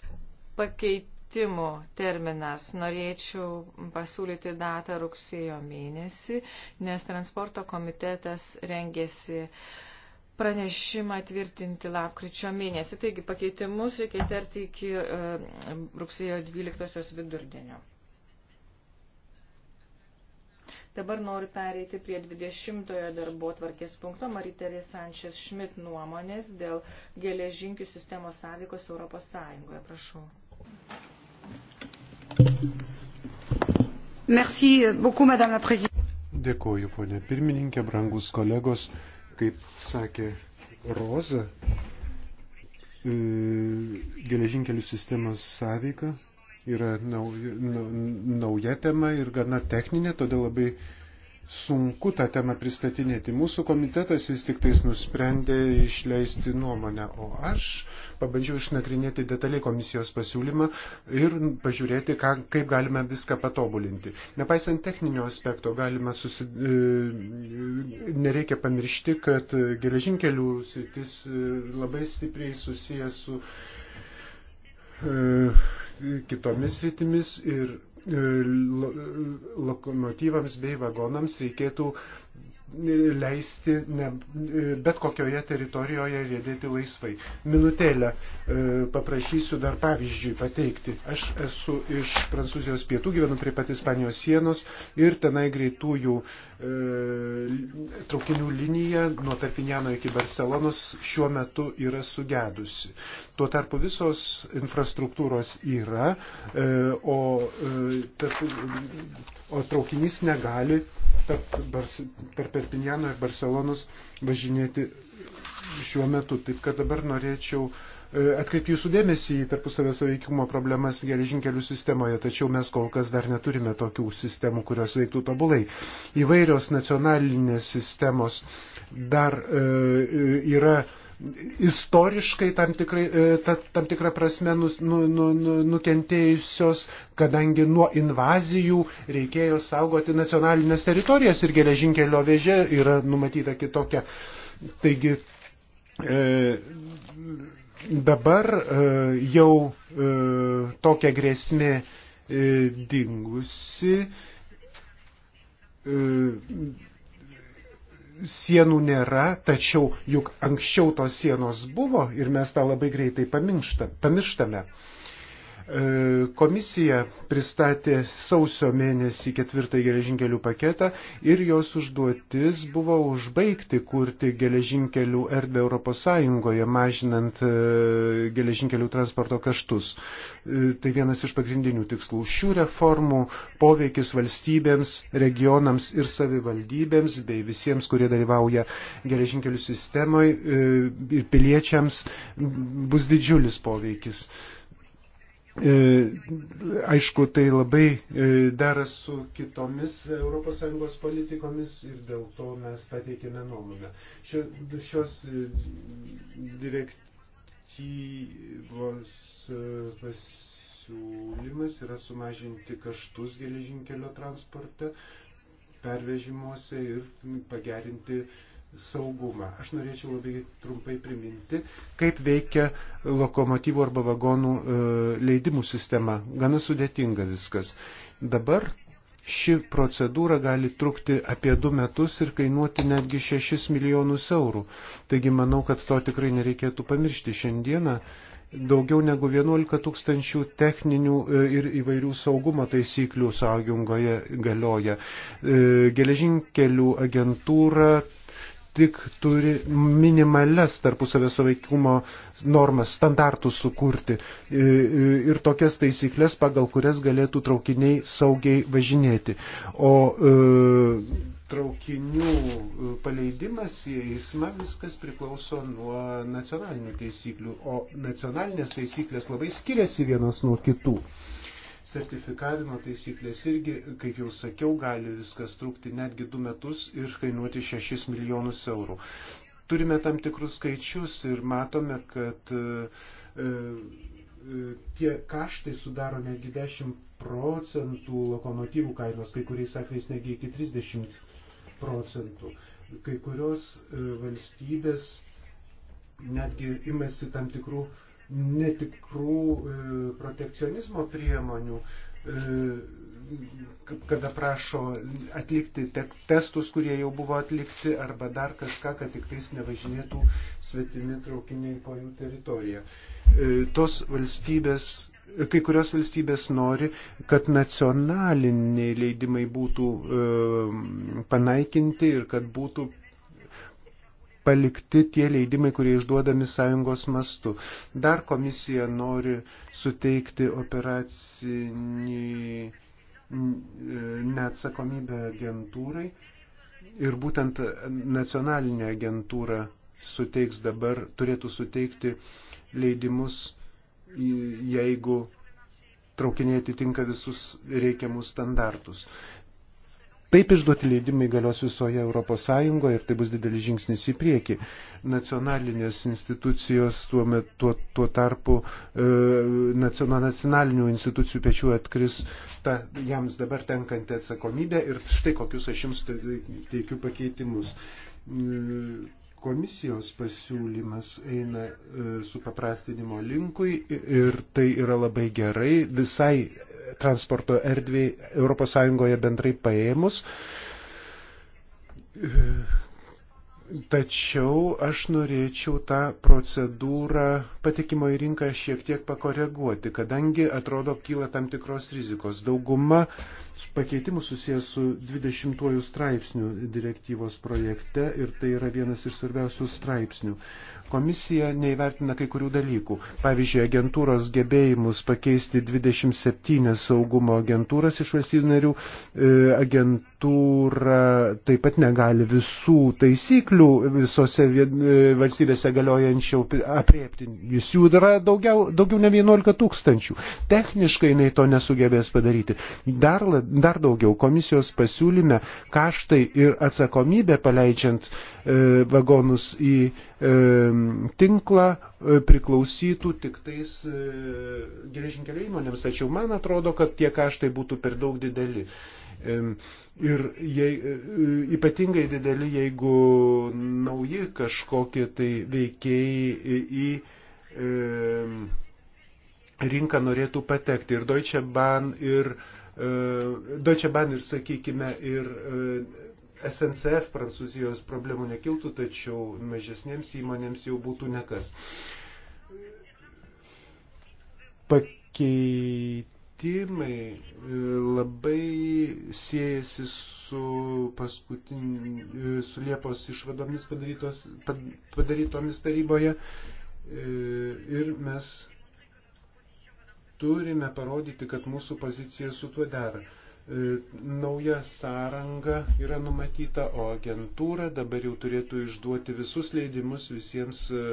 pakeitimų terminas. Norėčiau pasiūlyti datą rugsėjo mėnesį, nes transporto komitetas rengėsi pranešimą tvirtinti lapkričio mėnesį. Taigi pakeitimus reikia terti iki e, rugsėjo 12 vidurdienio. Dabar noriu pereiti prie 20-ojo darbo tvarkės punkto Mariterė Sančias Šmit nuomonės dėl geležinkių sistemos sąveikos Europos Sąjungoje. Prašau. Merci beaucoup, Madame la Présidente. Dėkoju, ponė pirmininkė, brangus kolegos, kaip sakė Roza, e, geležinkelių sistemos sąveika yra nauja, nauja tema ir gana techninė, todėl labai sunku tą temą pristatinėti. Mūsų komitetas vis tik tais nusprendė išleisti nuomonę, o aš pabandžiau išnagrinėti detaliai komisijos pasiūlymą ir pažiūrėti, ką, kaip galime viską patobulinti. Nepaisant techninio aspekto, galima susi... E, nereikia pamiršti, kad geležinkelių sritis e, labai stipriai susijęs su e, kitomis rytimis ir E, e, lokomotyvams bei vagonams reikėtų leisti ne, bet kokioje teritorijoje riedėti laisvai. Minutėlę e, paprašysiu dar pavyzdžiui pateikti. Aš esu iš Prancūzijos pietų, gyvenu prie pat Ispanijos sienos ir tenai greitųjų e, traukinių linija nuo Tarpiniano iki Barcelonos šiuo metu yra sugedusi. Tuo tarpu visos infrastruktūros yra, e, o, e, tarp, o traukinys negali tarp, tarp Perpinjano ir Barcelonos važinėti šiuo metu. Taip kad dabar norėčiau e, atkreipti jūsų dėmesį į tarpusavio suveikimo problemas geležinkelių sistemoje, tačiau mes kol kas dar neturime tokių sistemų, kurios veiktų tobulai. Įvairios nacionalinės sistemos dar e, e yra istoriškai tam, tikrai, e, ta, tam tikrą prasme nus, nu, nu, nu, nukentėjusios, kadangi nuo invazijų reikėjo saugoti nacionalinės teritorijas ir geležinkelio vėžė yra numatyta kitokia. Taigi e, dabar e, jau e, tokia grėsmė e, dingusi. E, sienų nėra, tačiau juk anksčiau tos sienos buvo ir mes tą labai greitai pamirštame. E, komisija pristatė sausio mėnesį ketvirtąjį geležinkelių paketą ir jos užduotis buvo užbaigti kurti geležinkelių erdvę ES, mažinant e, geležinkelių transporto kaštus. E, tai vienas iš pagrindinių tikslų. Šių reformų poveikis valstybėms, regionams ir savivaldybėms bei visiems, kurie dalyvauja geležinkelių sistemoje ir piliečiams bus didžiulis poveikis. E, aišku, tai labai e, dera su kitomis ES politikomis ir dėl to mes pateikėme nuomonę. Šio, šios e, direktyvos pasiūlymas yra sumažinti kaštus geležinkelio transporte, pervežimuose ir pagerinti uh, saugumą. Aš norėčiau labai trumpai priminti, kaip veikia lokomotyvų arba vagonų e, leidimų sistema. Gana sudėtinga viskas. Dabar ši procedūra gali trukti apie du metus ir kainuoti netgi 6 milijonus eurų. Taigi manau, kad to tikrai nereikėtų pamiršti šiandieną. Daugiau negu 11 tūkstančių techninių e, ir įvairių saugumo taisyklių sąjungoje galioja. E, geležinkelių agentūra tik turi minimales tarpusavio savaikumo normas, standartus sukurti ir tokias taisyklės, pagal kurias galėtų traukiniai saugiai važinėti. O e, traukinių e, paleidimas į eismą viskas priklauso nuo nacionalinių taisyklių, o nacionalinės taisyklės labai skiriasi vienos nuo kitų. Sertifikavimo taisyklės irgi, kaip jau sakiau, gali viskas trukti netgi du metus ir kainuoti 6 milijonus eurų. Turime tam tikrus skaičius ir matome, kad e, e tie kaštai sudaro netgi 10 procentų lokomotyvų kainos, kai kuriais atvejais netgi iki 30 procentų. Kai kurios e, valstybės netgi imasi tam tikrų netikrų e, protekcionizmo priemonių, e, kada prašo atlikti testus, kurie jau buvo atlikti, arba dar kažką, kad tik tais nevažinėtų svetimi traukiniai po jų teritoriją. E, tos valstybės, kai kurios valstybės nori, kad nacionaliniai leidimai būtų panaikinti ir kad būtų palikti tie leidimai, kurie išduodami sąjungos mastu. Dar komisija nori suteikti operacinį e, neatsakomybę agentūrai ir būtent nacionalinė agentūra suteiks dabar, turėtų suteikti leidimus, jeigu traukiniai atitinka visus reikiamus standartus. Taip išduoti leidimai galios visoje Europos Sąjungoje ir tai bus didelis žingsnis į priekį. Nacionalinės institucijos tuo, metu, tuo tarpu e, nacionalinių institucijų pečių atkris ta jams dabar tenkanti atsakomybė ir štai kokius aš jums teikiu pakeitimus. E, komisijos pasiūlymas eina e, su paprastinimo linkui ir tai yra labai gerai visai transporto erdvėje ES bendrai paėmus Tačiau aš norėčiau tą procedūrą patikimo į rinką šiek tiek pakoreguoti, kadangi atrodo kyla tam tikros rizikos. Dauguma pakeitimų susijęs su 20 straipsnių direktyvos projekte ir tai yra vienas iš svarbiausių straipsnių. Komisija neįvertina kai kurių dalykų. Pavyzdžiui, agentūros gebėjimus pakeisti 27 saugumo agentūras iš valstybių narių. E, agentūra taip pat negali visų taisyklių šalių visose e, valstybėse galiojančių apriepti. Jis jų yra daugiau, daugiau ne 11 tūkstančių. Techniškai jinai to nesugebės padaryti. Dar, dar daugiau komisijos pasiūlyme kaštai ir atsakomybė paleidžiant e, vagonus į e, tinklą e, priklausytų tik tais e, geležinkelio įmonėms. Tačiau man atrodo, kad tie kaštai būtų per daug dideli. E, Ir jei, e, ypatingai dideli, jeigu nauji kažkokie tai veikėjai į rinką norėtų patekti. Ir Deutsche Bahn ir, e, Deutsche Bahn ir sakykime, ir e, SNCF Prancūzijos problemų nekiltų, tačiau mažesniems įmonėms jau būtų nekas. Pakeit pakeitimai e, labai siejasi su, e, su Liepos išvadomis padarytomis taryboje e, ir mes turime parodyti, kad mūsų pozicija su tuo dera. E, nauja sąranga yra numatyta, o agentūra dabar jau turėtų išduoti visus leidimus visiems e,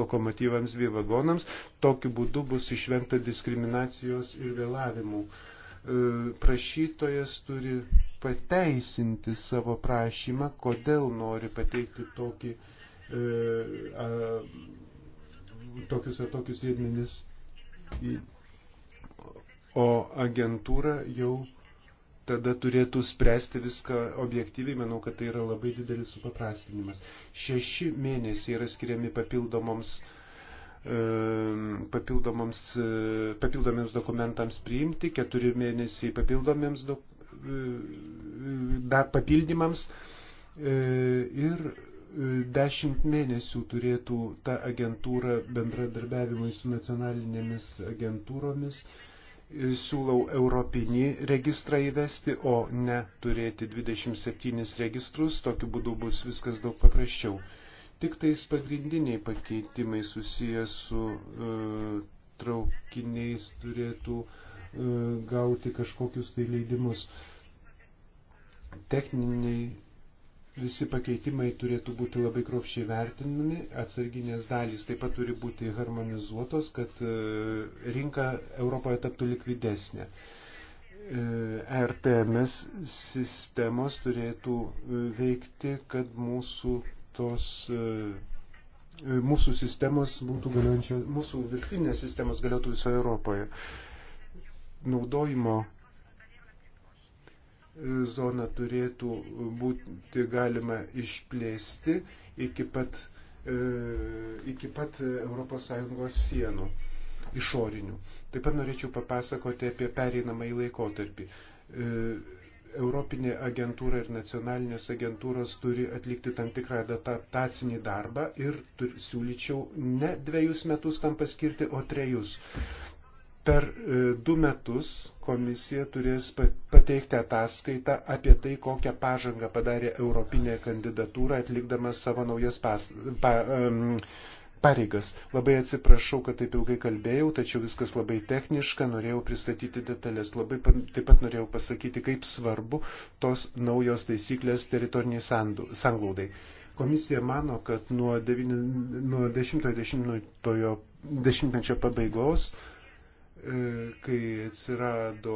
lokomotyvams bei vagonams. Tokiu būdu bus išvengta diskriminacijos ir vėlavimų. E, prašytojas turi pateisinti savo prašymą, kodėl nori pateikti tokį, tokius ar tokius riedmenis į o agentūra jau tada turėtų spręsti viską objektyviai, manau, kad tai yra labai didelis supaprastinimas. Šeši mėnesiai yra skiriami papildomoms, e, papildomoms, e, papildomiems dokumentams priimti, keturi mėnesiai papildomiems do, e, dar papildymams ir dešimt mėnesių turėtų ta agentūra bendradarbiavimui su nacionalinėmis agentūromis siūlau europinį registrą įvesti, o ne turėti 27 registrus, tokiu būdu bus viskas daug paprasčiau. Tik tais pagrindiniai pakeitimai susijęs su e, traukiniais turėtų e, gauti kažkokius tai leidimus. Techniniai Visi pakeitimai turėtų būti labai kruopščiai vertinami, atsarginės dalys taip pat turi būti harmonizuotos, kad e, rinka Europoje taptų likvidesnė. E, RTMS sistemos turėtų e, veikti, kad mūsų tos mūsų sistemos būtų galiojančios, mūsų virtinės sistemos galėtų visoje Europoje. Naudojimo zoną turėtų būti galima išplėsti iki pat, e, iki pat ES sienų išorinių. Taip pat norėčiau papasakoti apie pereinamąjį laikotarpį. E, Europinė agentūra ir nacionalinės agentūros turi atlikti tam tikrą adaptacinį darbą ir tur, siūlyčiau ne dviejus metus tam paskirti, o trejus. Per e, du metus komisija turės pateikti ataskaitą apie tai, kokią pažangą padarė Europinė kandidatūra atlikdamas savo naujas pas, pa, um, pareigas. Labai atsiprašau, kad taip ilgai kalbėjau, tačiau viskas labai techniška, norėjau pristatyti detalės. Labai taip pat norėjau pasakyti, kaip svarbu tos naujos taisyklės teritoriniai sanglaudai. Komisija mano, kad nuo 90-ojo dešimtmečio pabaigos E, kai atsirado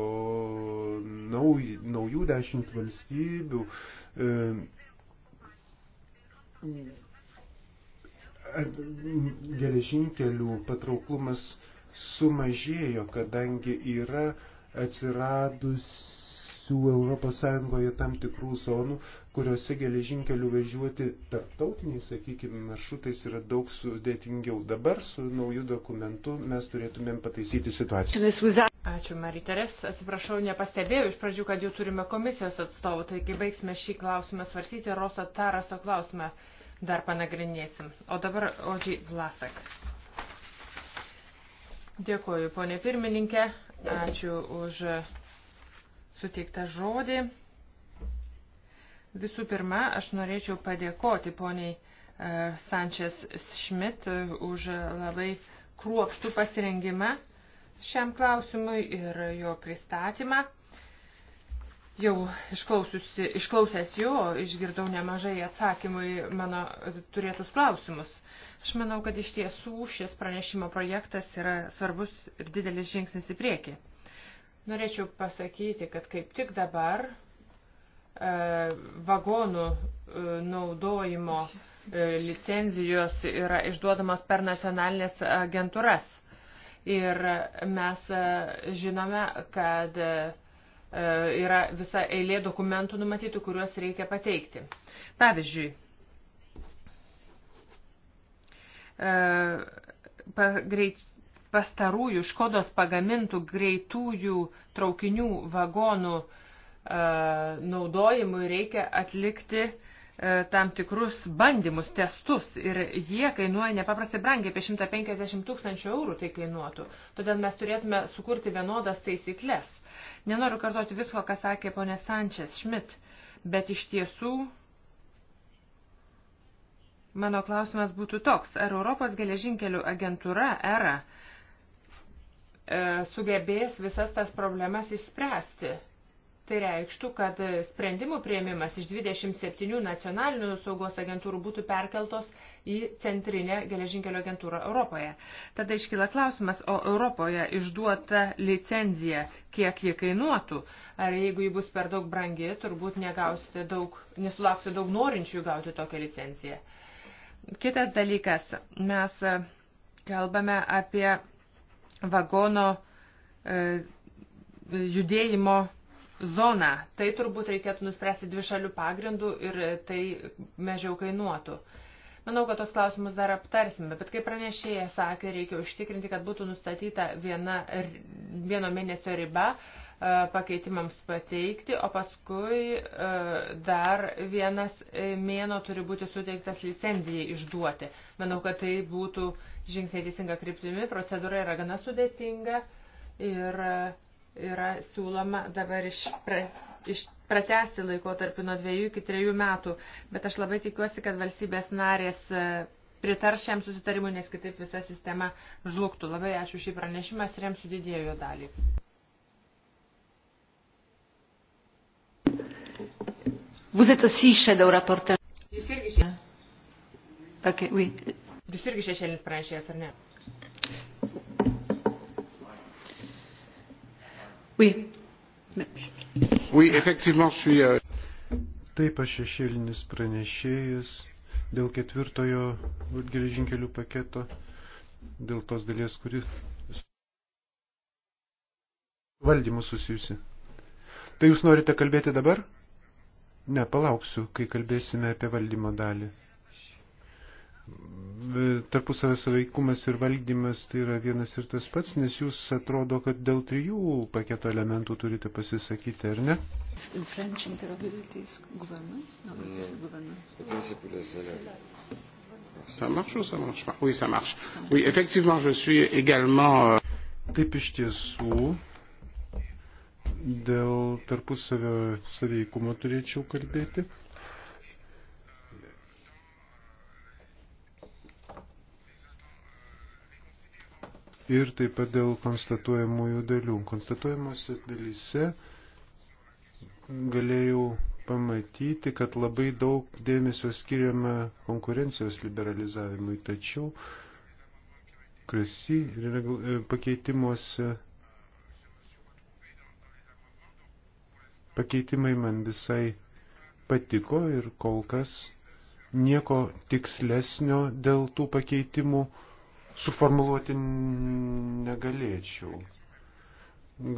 nauj, naujų dešimt valstybių, e, geležinkelių patrauklumas sumažėjo, kadangi yra atsiradusių ES tam tikrų zonų, kuriuose geležinkeliu važiuoti tarptautiniais, sakykime, maršrutais yra daug sudėtingiau. Dabar su nauju dokumentu mes turėtumėm pataisyti situaciją. Ačiū, Mariteres. Atsiprašau, nepastebėjau iš pradžių, kad jau turime komisijos atstovų, tai kai baigsime šį klausimą svarstyti, Roso Taraso klausimą dar panagrinėsim. O dabar Odžiai Vlasak. Dėkuoju, ponė pirmininkė. Ačiū už suteiktą žodį. Visų pirma, aš norėčiau padėkoti poniai e, Sančias Šmit e, už labai kruopštų pasirengimą šiam klausimui ir jo pristatymą. Jau išklausęs jo, išgirdau nemažai atsakymų į mano turėtus klausimus. Aš manau, kad iš tiesų šis pranešimo projektas yra svarbus ir didelis žingsnis į priekį. Norėčiau pasakyti, kad kaip tik dabar E, vagonų e, naudojimo e, licenzijos yra išduodamos per nacionalinės agentūras. Ir mes žinome, kad yra visa eilė dokumentų numatytų, kuriuos reikia pateikti. Pavyzdžiui, pastarųjų škodos pagamintų greitųjų traukinių vagonų uh, E, naudojimui reikia atlikti e, tam tikrus bandymus, testus ir jie kainuoja nepaprastai brangiai, apie 150 tūkstančių eurų tai kainuotų. Todėl mes turėtume sukurti vienodas taisyklės. Nenoriu kartoti visko, ką sakė ponė Sančias Šmit, bet iš tiesų mano klausimas būtų toks, ar Europos geležinkelių agentūra ERA e, sugebės visas tas problemas išspręsti Tai reikštų, kad sprendimų prieimimas iš 27 nacionalinių saugos agentūrų būtų perkeltos į centrinę geležinkelio agentūrą Europoje. Tada iškyla klausimas, o Europoje išduota licenzija, kiek ji kainuotų? Ar jeigu ji bus per daug brangi, turbūt negausite daug, nesulauksite daug norinčių gauti tokią licenciją. Kitas dalykas, mes e, kalbame apie vagono e, judėjimo zoną. Tai turbūt reikėtų nuspręsti dvi šalių pagrindų ir tai mažiau kainuotų. Manau, kad tos klausimus dar aptarsime, bet kaip pranešėja sakė, reikia užtikrinti, kad būtų nustatyta viena, vieno mėnesio riba e, pakeitimams pateikti, o paskui e, dar vienas e, mėno turi būti suteiktas licenzijai išduoti. Manau, kad tai būtų žingsniai teisinga kryptimi, procedūra yra gana sudėtinga ir uh, yra siūloma dabar išpre, iš, pratesti laikotarpį nuo dviejų iki trejų metų, bet aš labai tikiuosi, kad valstybės narės e, pritar šiam susitarimui, nes kitaip visa sistema žlugtų. Labai ačiū šį pranešimą, remsiu didėjo dalį. Vous êtes aussi shadow rapporteur. Jūs irgi šešėlinis pranešėjas, ar ne? Oui. Oui, effectivement, je suis. Euh, Taip, aš šešėlinis pranešėjas dėl ketvirtojo geležinkelių paketo, dėl tos dalies, kuri valdymu susijusi. Tai jūs norite kalbėti dabar? Ne, palauksiu, kai kalbėsime apie valdymo dalį tarpusavio saveikumas ir valdymas tai yra vienas ir tas pats, nes jūs atrodo, kad dėl trijų paketo elementų turite pasisakyti, ar ne? Mm. Euh, Taip iš tiesų, dėl tarpusavio saveikumo turėčiau kalbėti. ir taip pat dėl konstatuojamųjų dalių. Konstatuojamosios dalyse galėjau pamatyti, kad labai daug dėmesio skiriama konkurencijos liberalizavimui, tačiau krisi e, pakeitimuose pakeitimai man visai patiko ir kol kas nieko tikslesnio dėl tų pakeitimų suformuluoti negalėčiau.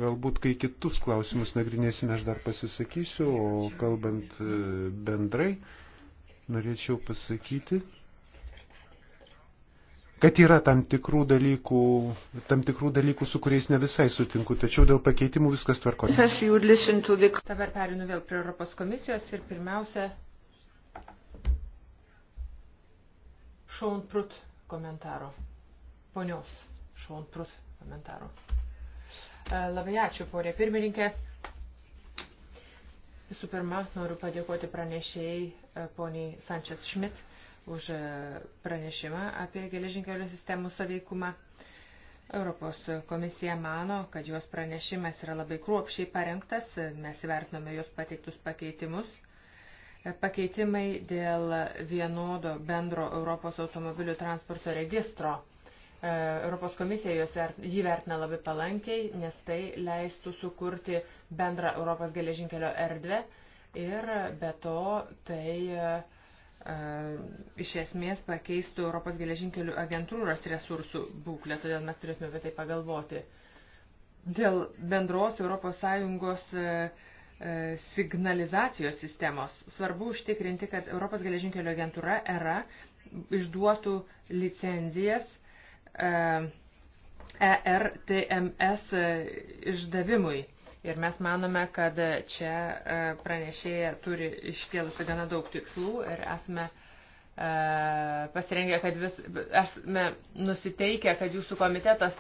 Galbūt, kai kitus klausimus nagrinėsime, aš dar pasisakysiu, o kalbant e, bendrai, norėčiau pasakyti, kad yra tam tikrų dalykų, tam tikrų dalykų, su kuriais ne visai sutinku, tačiau dėl pakeitimų viskas tvarko. Dabar perinu vėl prie Europos komisijos ir pirmiausia, Šaunprut komentaro ponios Šonprut komentarų. E, labai ačiū, ponė pirmininkė. Visų pirma, noriu padėkoti pranešėjai e, poniai Sančias Šmit už e, pranešimą apie geležinkelio sistemų saveikumą. Europos komisija mano, kad jos pranešimas yra labai kruopšiai parengtas, mes vertiname jos pateiktus pakeitimus. Pakeitimai dėl vienodo bendro Europos automobilių transporto registro E, Europos komisija jį vertina labai palankiai, nes tai leistų sukurti bendrą Europos geležinkelio erdvę ir be to tai e, iš esmės pakeistų Europos geležinkelių agentūros resursų būklę, todėl mes turėtume apie tai pagalvoti. Dėl bendros ES e, signalizacijos sistemos svarbu užtikrinti, kad Europos geležinkelio agentūra ERA išduotų licenzijas ERTMS e išdavimui. Ir mes manome, kad čia e, pranešėja turi iškėlusi gana daug tikslų ir esame e, pasirengę, kad vis, esame nusiteikę, kad jūsų komitetas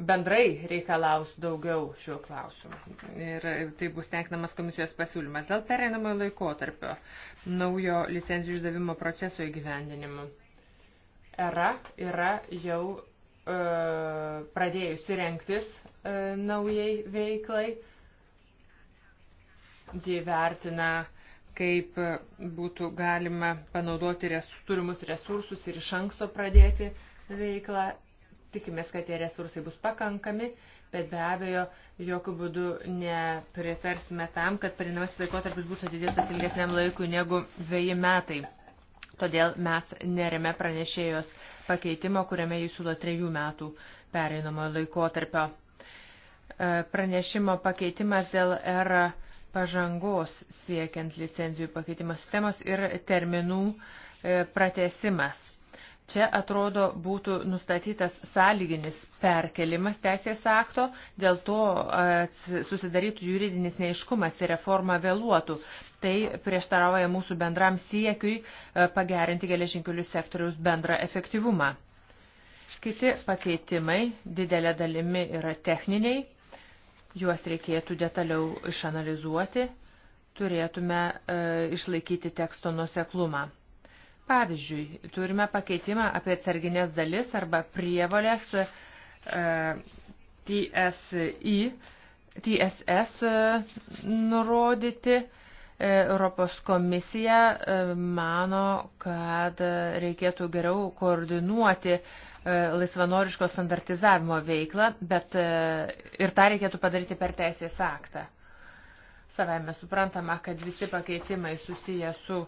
bendrai reikalaus daugiau šiuo klausimu. Ir tai bus tenkinamas komisijos pasiūlymas dėl pereinamojo laikotarpio naujo licencijų išdavimo proceso įgyvendinimu era yra jau e, pradėjusi renktis e, naujai veiklai. Jie vertina, kaip būtų galima panaudoti res, turimus resursus ir iš anksto pradėti veiklą. Tikimės, kad tie resursai bus pakankami, bet be abejo, jokių būdų nepritarsime tam, kad perinamasis laikotarpis bus atidėtas ilgesniam laikui negu dviejai metai. Todėl mes nerime pranešėjos pakeitimo, kuriame jis siūlo trejų metų pereinamojo laikotarpio. E, pranešimo pakeitimas dėl R pažangos siekiant licenzijų pakeitimo sistemos ir terminų e, pratesimas. Čia atrodo būtų nustatytas sąlyginis perkelimas teisės akto, dėl to e, susidarytų juridinis neiškumas ir reforma vėluotų tai prieštarauja mūsų bendram siekiui e, pagerinti geležinkelių sektoriaus bendrą efektyvumą. Kiti pakeitimai didelė dalimi yra techniniai, juos reikėtų detaliau išanalizuoti, turėtume e, išlaikyti teksto nuseklumą. Pavyzdžiui, turime pakeitimą apie atsarginės dalis arba prievolės e, TSI, TSS e, nurodyti, E, Europos komisija e, mano, kad reikėtų geriau koordinuoti e, laisvanoriško standartizavimo veiklą, bet ir tą reikėtų padaryti per teisės aktą. Savame suprantama, kad visi pakeitimai susiję su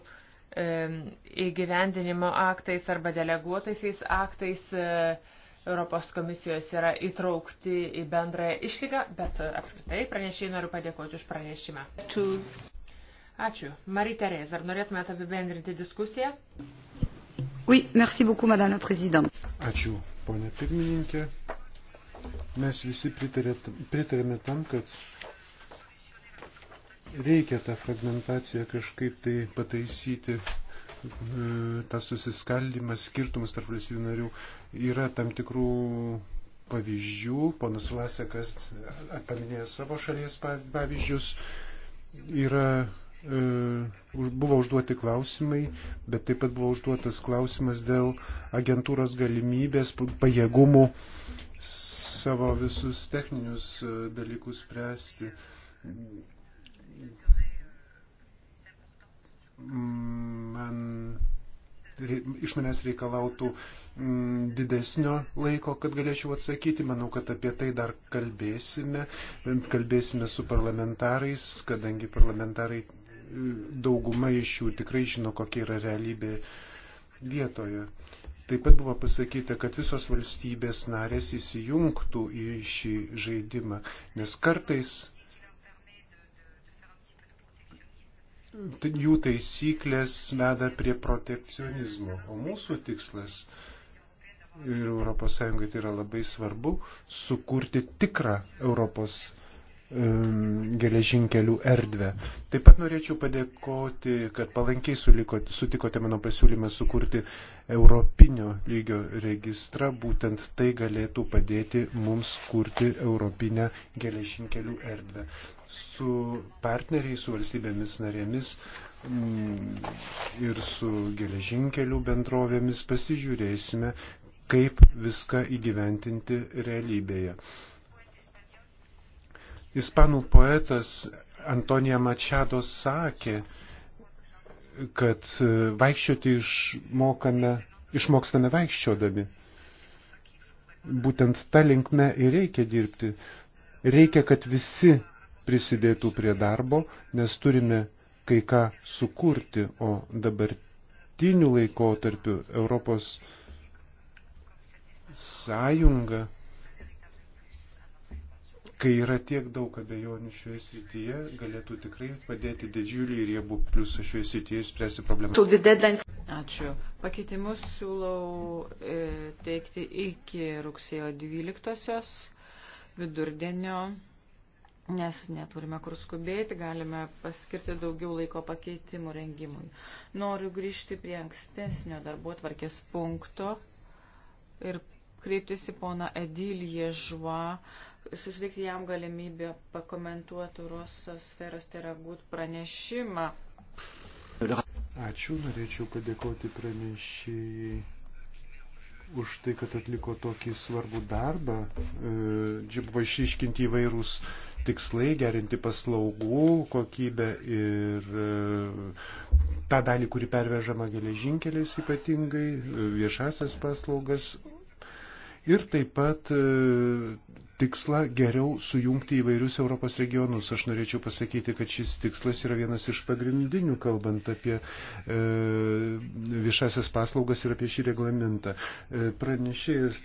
įgyvendinimo aktais arba deleguotaisiais aktais Europos komisijos yra įtraukti į bendrąją išlygą, bet apskritai pranešiai noriu padėkoti už pranešimą. Ačiū. Marie Terez, ar norėtumėte apibendrinti diskusiją? Oui, merci beaucoup, madame la présidente. Ačiū, ponė pirmininkė. Mes visi pritarėme tam, kad reikia tą fragmentaciją kažkaip tai pataisyti e, tas susiskaldimas, skirtumas tarp valstybių narių yra tam tikrų pavyzdžių. Ponas Vlasekas paminėjo savo šalies pavyzdžius. Yra E, buvo užduoti klausimai, bet taip pat buvo užduotas klausimas dėl agentūros galimybės, pajėgumų savo visus techninius e, dalykus spręsti. Man iš manęs reikalautų mm, didesnio laiko, kad galėčiau atsakyti. Manau, kad apie tai dar kalbėsime, kalbėsime su parlamentarais, kadangi parlamentarai dauguma iš jų tikrai žino, kokia yra realybė vietoje. Taip pat buvo pasakyta, kad visos valstybės narės įsijungtų į šį žaidimą, nes kartais jų taisyklės veda prie protekcionizmo, o mūsų tikslas ir ES tai yra labai svarbu sukurti tikrą Europos geležinkelių erdvę. Taip pat norėčiau padėkoti, kad palankiai sulikote, sutikote mano pasiūlymą sukurti europinio lygio registrą, būtent tai galėtų padėti mums kurti europinę geležinkelių erdvę. Su partneriais, su valstybėmis narėmis mm, ir su geležinkelių bendrovėmis pasižiūrėsime, kaip viską įgyventinti realybėje. Ispanų poetas Antonija Mačiado sakė, kad e, vaikščioti išmokame, išmokstame vaikščiodami. Būtent tą linkme ir reikia dirbti. Reikia, kad visi prisidėtų prie darbo, nes turime kai ką sukurti, o dabartiniu laikotarpiu Europos sąjunga kai yra tiek daug abejonių šioje srityje, galėtų tikrai padėti didžiulį riebų pliusą šioje srityje išspręsti problemą. Ačiū. Pakeitimus siūlau e, teikti iki rugsėjo 12-osios vidurdienio, nes neturime kur skubėti, galime paskirti daugiau laiko pakeitimų rengimui. Noriu grįžti prie ankstesnio darbo tvarkės punkto ir kreiptis į poną Edilį Žuą susitikti jam galimybę pakomentuoti Rosos sferos teragut tai pranešimą. Ačiū, norėčiau padėkoti pranešėjai už tai, kad atliko tokį svarbų darbą. E, Džibva išiškinti įvairūs tikslai, gerinti paslaugų kokybę ir e, tą dalį, kuri pervežama geležinkeliais ypatingai, e, viešasias paslaugas, ir taip pat e, tikslą geriau sujungti įvairius Europos regionus. Aš norėčiau pasakyti, kad šis tikslas yra vienas iš pagrindinių, kalbant apie e, viešasias paslaugas ir apie šį reglamentą. E, pranešėjas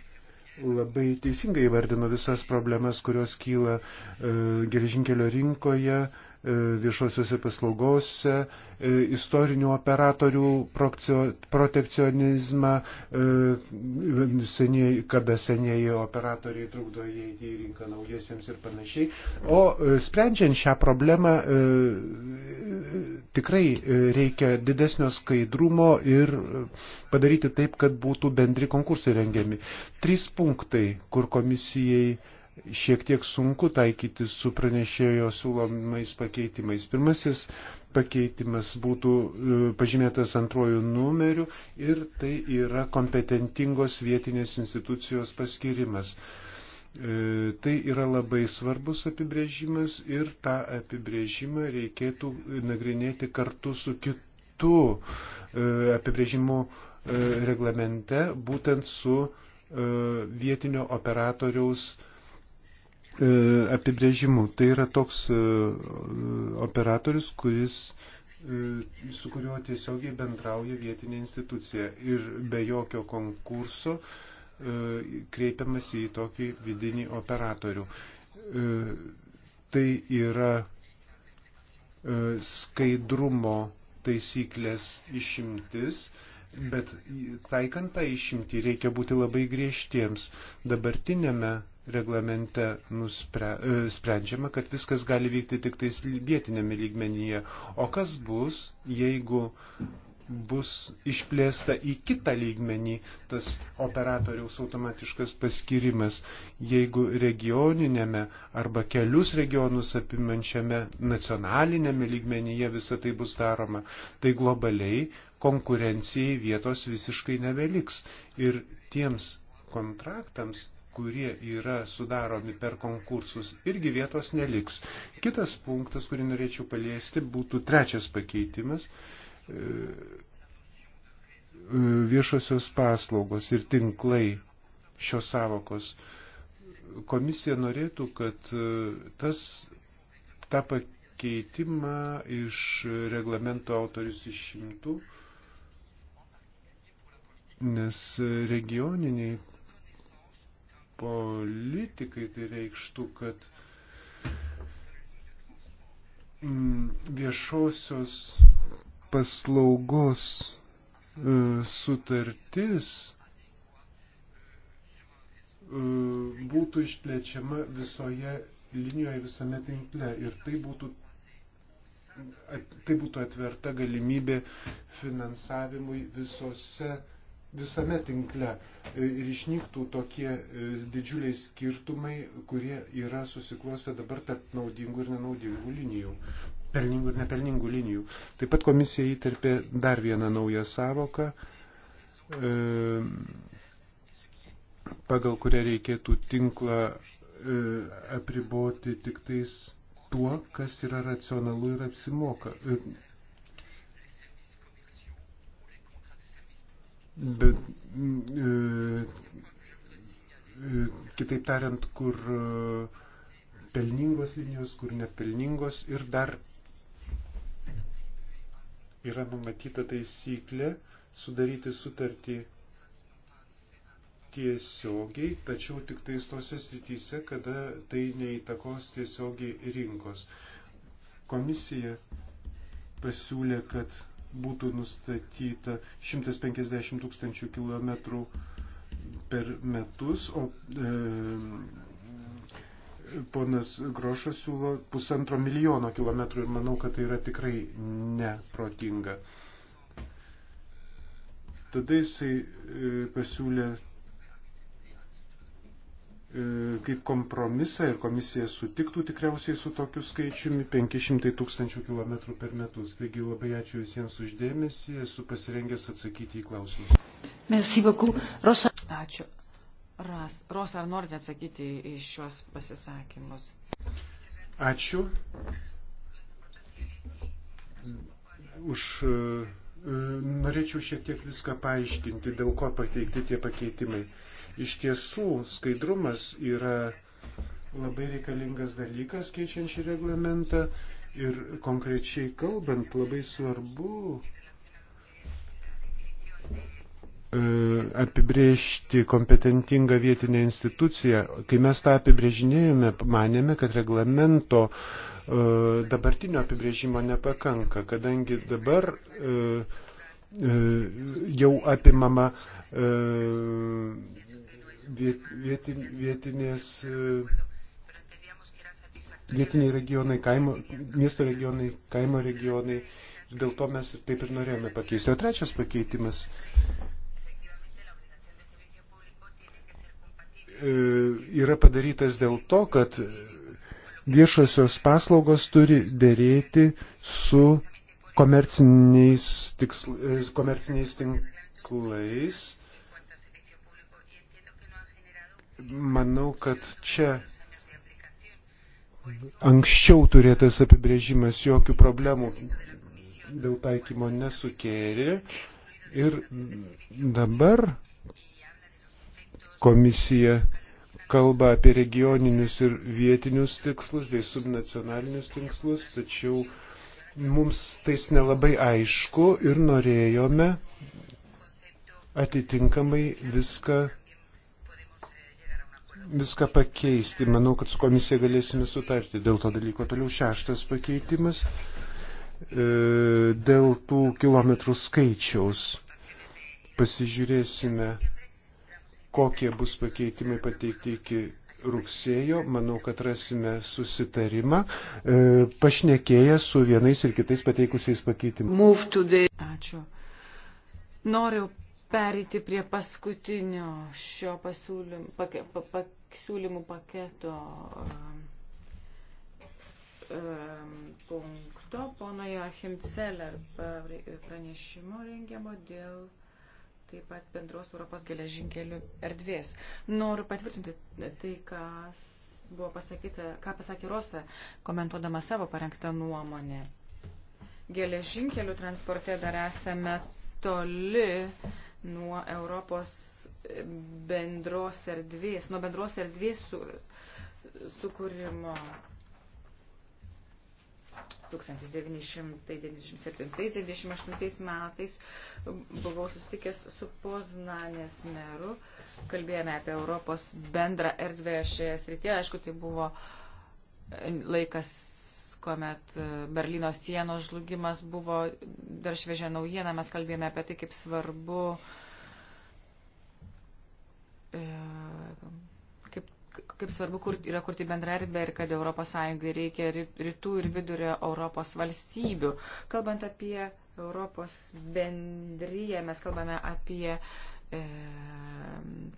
labai teisingai įvardino visas problemas, kurios kyla e, geležinkelio rinkoje, e, E, viešosiuose paslaugose, e, istorinių operatorių protekcionizmą, e, seniai, kada senieji operatoriai trukdo įeiti į rinką naujiesiems ir panašiai. O sprendžiant šią problemą tikrai reikia didesnio skaidrumo ir padaryti taip, kad būtų bendri konkursai rengiami. Trys punktai, kur komisijai šiek tiek sunku taikytis su pranešėjo siūlomais pakeitimais. Pirmasis pakeitimas būtų e, pažymėtas antrojų numerių ir tai yra kompetentingos vietinės institucijos paskirimas. E, tai yra labai svarbus apibrėžimas ir tą apibrėžimą reikėtų nagrinėti kartu su kitu e, apibrėžimu reglamente, būtent su vietinio operatoriaus E, apibrėžimu. Tai yra toks e, operatorius, kuris e, su kuriuo tiesiogiai bendrauja vietinė institucija ir be jokio konkurso kreipiamas į tokį vidinį operatorių. Tai yra skaidrumo taisyklės išimtis, bet taikant tą išimtį reikia būti labai griežtiems. Dabartinėme reglamente nuspre, e, sprendžiama, kad viskas gali vykti tik tais vietinėme lygmenyje. O kas bus, jeigu bus išplėsta į kitą lygmenį tas operatoriaus automatiškas paskirimas, jeigu regioninėme arba kelius regionus apimančiame nacionalinėme lygmenyje visą tai bus daroma, tai globaliai konkurencijai vietos visiškai nebeliks. Ir tiems kontraktams kurie yra sudaromi per konkursus, irgi vietos neliks. Kitas punktas, kurį norėčiau paliesti, būtų trečias pakeitimas e, e, viešosios paslaugos ir tinklai šios savokos. Komisija norėtų, kad e, tas, tą pakeitimą iš reglamento autorius išimtų, nes regioniniai politikai tai reikštų, kad mm, viešosios paslaugos e, sutartis e, būtų išplečiama visoje linijoje, visame tinkle ir tai būtų, tai būtų atverta galimybė finansavimui visose visame tinkle e, ir išnyktų tokie e, didžiuliai skirtumai, kurie yra susiklostę dabar tarp naudingų ir nenaudingų linijų, pelningų ir nepelningų linijų. Taip pat komisija įterpė dar vieną naują savoką, e, pagal kurią reikėtų tinklą apriboti tik tais tuo, kas yra racionalu ir apsimoka. Bet, e, e, kitaip tariant, kur e, pelningos linijos, kur nepelningos ir dar yra numatyta taisyklė sudaryti sutartį tiesiogiai, tačiau tik tais tose srityse, kada tai neįtakos tiesiogiai rinkos. Komisija pasiūlė, kad būtų nustatyta 150 tūkstančių kilometrų per metus, o e, ponas Grošas siūlo pusantro milijono kilometrų ir manau, kad tai yra tikrai neprotinga. Tada jisai e, pasiūlė E, kaip kompromisą ir komisija sutiktų tikriausiai su tokiu skaičiumi 500 tūkstančių kilometrų per metus. Taigi labai ačiū visiems uždėmesį, esu pasirengęs atsakyti į klausimus. Merci beaucoup. Rosa. Ačiū. Ras, Rosa, ar norite atsakyti į šios pasisakymus? Ačiū. Už e, e, norėčiau šiek tiek viską paaiškinti, dėl ko pateikti tie pakeitimai. Iš tiesų, skaidrumas yra labai reikalingas dalykas keičiant šį reglamentą ir konkrečiai kalbant labai svarbu e, apibriežti kompetentingą vietinę instituciją. Kai mes tą apibrėžinėjome, manėme, kad reglamento e, dabartinio apibrėžimo nepakanka, kadangi dabar e, jau apimama viet, vietin, vietinės, e, vietiniai regionai, kaimo, miesto regionai, kaimo regionai. Ir dėl to mes ir taip ir norėjome pakeisti. O trečias pakeitimas. E, yra padarytas dėl to, kad viešosios paslaugos turi dėrėti su komerciniais, tiksl, e, komerciniais tinklais manau, kad čia anksčiau turėtas apibrėžimas jokių problemų dėl taikymo nesukėlė. Ir dabar komisija kalba apie regioninius ir vietinius tikslus bei subnacionalinius tikslus, tačiau mums tais nelabai aišku ir norėjome atitinkamai viską viską pakeisti. Manau, kad su komisija galėsime sutarti dėl to dalyko. Toliau šeštas pakeitimas e, dėl tų kilometrų skaičiaus. Pasižiūrėsime, kokie bus pakeitimai pateikti iki rugsėjo. Manau, kad rasime susitarimą, e, pašnekėję su vienais ir kitais pateikusiais pakeitimais. The... Ačiū. Noriu pereiti prie paskutinio šio pasiūlym, pake, pa, pasiūlymų paketo um, um, punkto, pono Joachim Celler pranešimo rengiamo dėl taip pat bendros Europos geležinkelių erdvės. Noriu patvirtinti tai, kas buvo pasakyta, ką pasakė Rosa, komentuodama savo parengtą nuomonę. Geležinkelių transporte dar esame toli nuo Europos bendros erdvės, nuo bendros erdvės su, sukūrimo 1997-1998 metais buvau susitikęs su Poznanės meru, kalbėjome apie Europos bendrą erdvę šioje srityje, aišku, tai buvo laikas kuomet e, Berlyno sienos žlugimas buvo dar šviežia naujiena, mes kalbėjome apie tai, kaip svarbu, e, kaip, kaip svarbu kur, yra kurti bendrarbę ir kad ES reikia rytų ir vidurio Europos valstybių. Kalbant apie Europos bendryje, mes kalbame apie uh, E,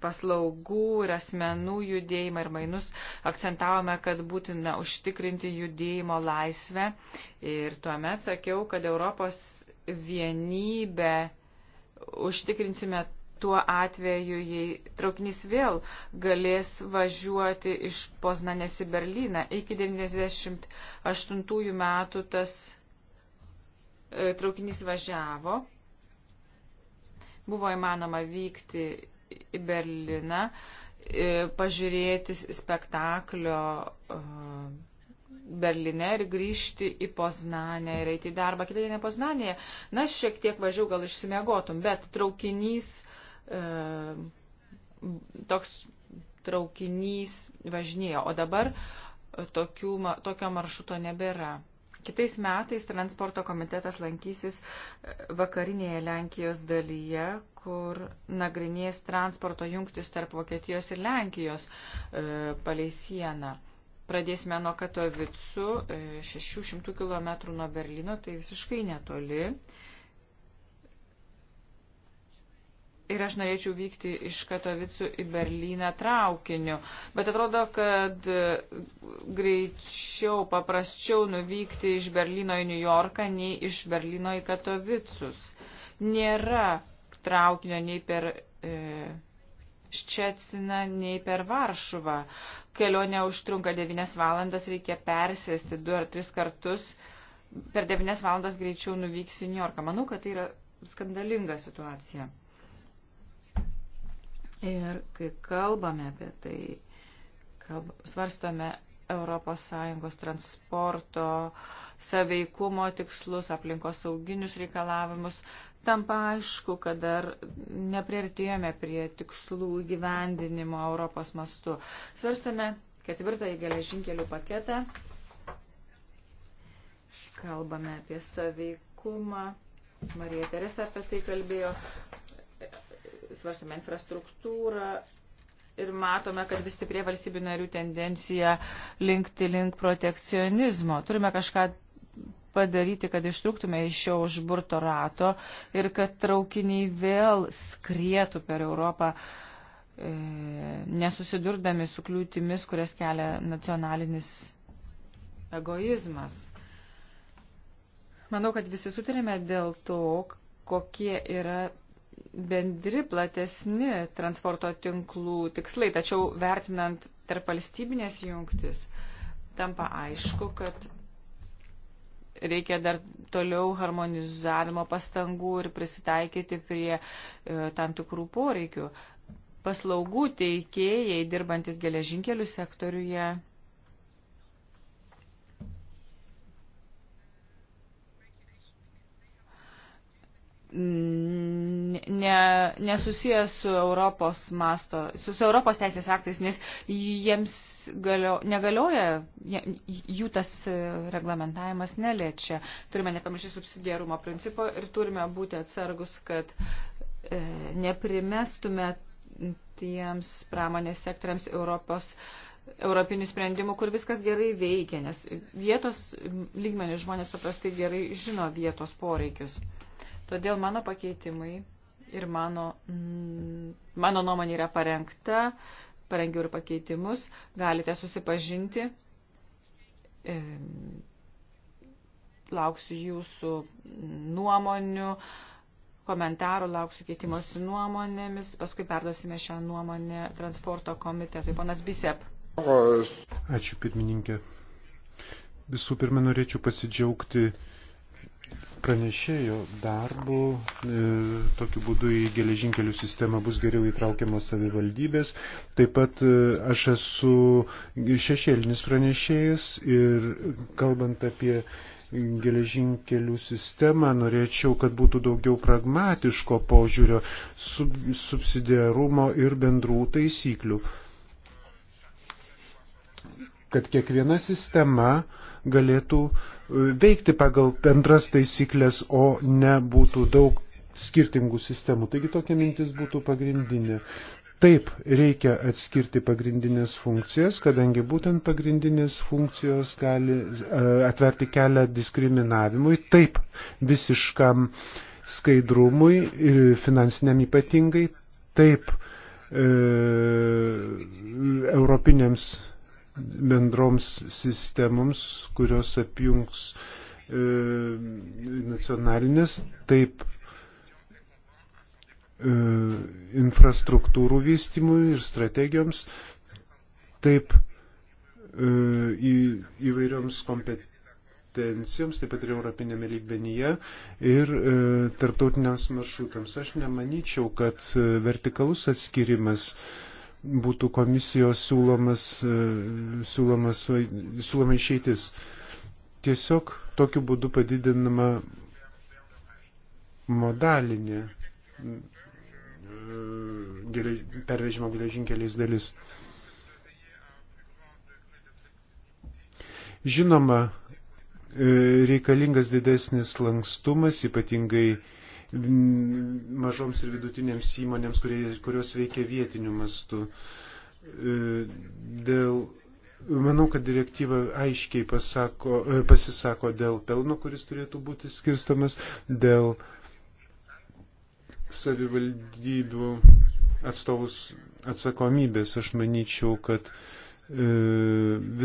paslaugų ir asmenų judėjimą ir mainus akcentavome, kad būtina užtikrinti judėjimo laisvę. Ir tuomet sakiau, kad Europos vienybę užtikrinsime tuo atveju, jei traukinys vėl galės važiuoti iš Poznanės į Berliną. Iki 98 metų tas e, traukinys važiavo buvo įmanoma vykti į Berliną, e, pažiūrėti spektaklio e, Berline ir grįžti į Poznanę ir eiti į darbą. Kitą dieną Poznanėje, na, šiek tiek važiau gal išsimiegotum, bet traukinys, e, toks traukinys važinėjo, o dabar tokių, tokio maršruto nebėra. Kitais metais transporto komitetas lankysis e, vakarinėje Lenkijos dalyje, kur nagrinės transporto jungtis tarp Vokietijos ir Lenkijos e, palei sieną. Pradėsime nuo Katovicų, e, 600 km nuo Berlyno, tai visiškai netoli. E, ir aš norėčiau vykti iš Katovicų į Berliną traukiniu. Bet atrodo, kad greičiau, paprasčiau nuvykti iš Berlyno į New Yorką, nei iš Berlyno į Katovicus. Nėra traukinio nei per e, Ščecina, nei per Varšuvą. Kelionė užtrunka 9 valandas, reikia persėsti 2 ar 3 kartus. Per 9 valandas greičiau nuvyks į New Yorką. Manau, kad tai yra skandalinga situacija. Ir kai kalbame apie tai, kalb, svarstome ES transporto saveikumo tikslus, aplinkos sauginius reikalavimus, tampa aišku, kad dar neprieartėjome prie tikslų įgyvendinimo Europos mastu. Svarstame ketvirtąjį geležinkelių paketą, kalbame apie saveikumą. Marija Teresa apie tai kalbėjo svarstame infrastruktūrą ir matome, kad vis stiprė valstybių narių tendencija linkti link protekcionizmo. Turime kažką padaryti, kad ištrūktume iš šio užburto rato ir kad traukiniai vėl skrietų per Europą e, nesusidurdami su kliūtimis, kurias kelia nacionalinis egoizmas. Manau, kad visi sutarėme dėl to, kokie yra bendri, platesni transporto tinklų tikslai, tačiau vertinant tarp valstybinės jungtis, tampa aišku, kad reikia dar toliau harmonizavimo pastangų ir prisitaikyti prie e, tam tikrų poreikių. Paslaugų teikėjai dirbantis geležinkelių sektoriuje ne, nesusijęs su Europos masto, su, su Europos teisės aktais, nes jiems galio, negalioja, jų tas e, reglamentavimas neliečia. Turime nepamiršti subsidiarumo principo ir turime būti atsargus, kad e, neprimestume tiems pramonės sektoriams Europos europinių sprendimų, kur viskas gerai veikia, nes vietos lygmenį žmonės paprastai gerai žino vietos poreikius. Todėl mano pakeitimai ir mano, mm, mano nuomonė yra parengta, parengiau ir pakeitimus, galite susipažinti. E, lauksiu jūsų nuomonių, komentarų, lauksiu keitimosi nuomonėmis, paskui perduosime šią nuomonę transporto komitetui. Ponas Bisep. Ačiū pirmininkė. Visų pirma, norėčiau pasidžiaugti pranešėjo darbu, e, tokiu būdu į geležinkelių sistemą bus geriau įtraukiamos savivaldybės. Taip pat e, aš esu šešėlinis pranešėjas ir kalbant apie geležinkelių sistemą, norėčiau, kad būtų daugiau pragmatiško požiūrio, sub, subsidiarumo ir bendrų taisyklių. Kad kiekviena sistema galėtų uh, veikti pagal bendras taisyklės, o ne būtų daug skirtingų sistemų. Taigi tokia mintis būtų pagrindinė. Taip reikia atskirti pagrindinės funkcijas, kadangi būtent pagrindinės funkcijos gali e, atverti kelią diskriminavimui, taip visiškam skaidrumui ir e, finansiniam ypatingai, taip e, europinėms bendroms sistemoms, kurios apjungs e, nacionalinės, taip e, infrastruktūrų vystimui ir strategijoms, taip e, į, įvairioms kompetencijoms kompetencijoms, taip pat ir Europinėme lygmenyje ir e, tarptautiniams maršrutams. Aš nemanyčiau, kad e, vertikalus atskirimas e, būtų komisijos siūlomas, e, siūlomas, siūloma išeitis. Tiesiog tokiu būdu padidinama modalinė e, pervežimo geležinkeliais dalis. Žinoma, e, reikalingas didesnis lankstumas, ypatingai mažoms ir vidutinėms įmonėms, kurie, kurios veikia vietiniu mastu. E, dėl, manau, kad direktyva aiškiai pasako, e, pasisako dėl pelno, kuris turėtų būti skirstomas, dėl savivaldybių atstovus atsakomybės. Aš manyčiau, kad e,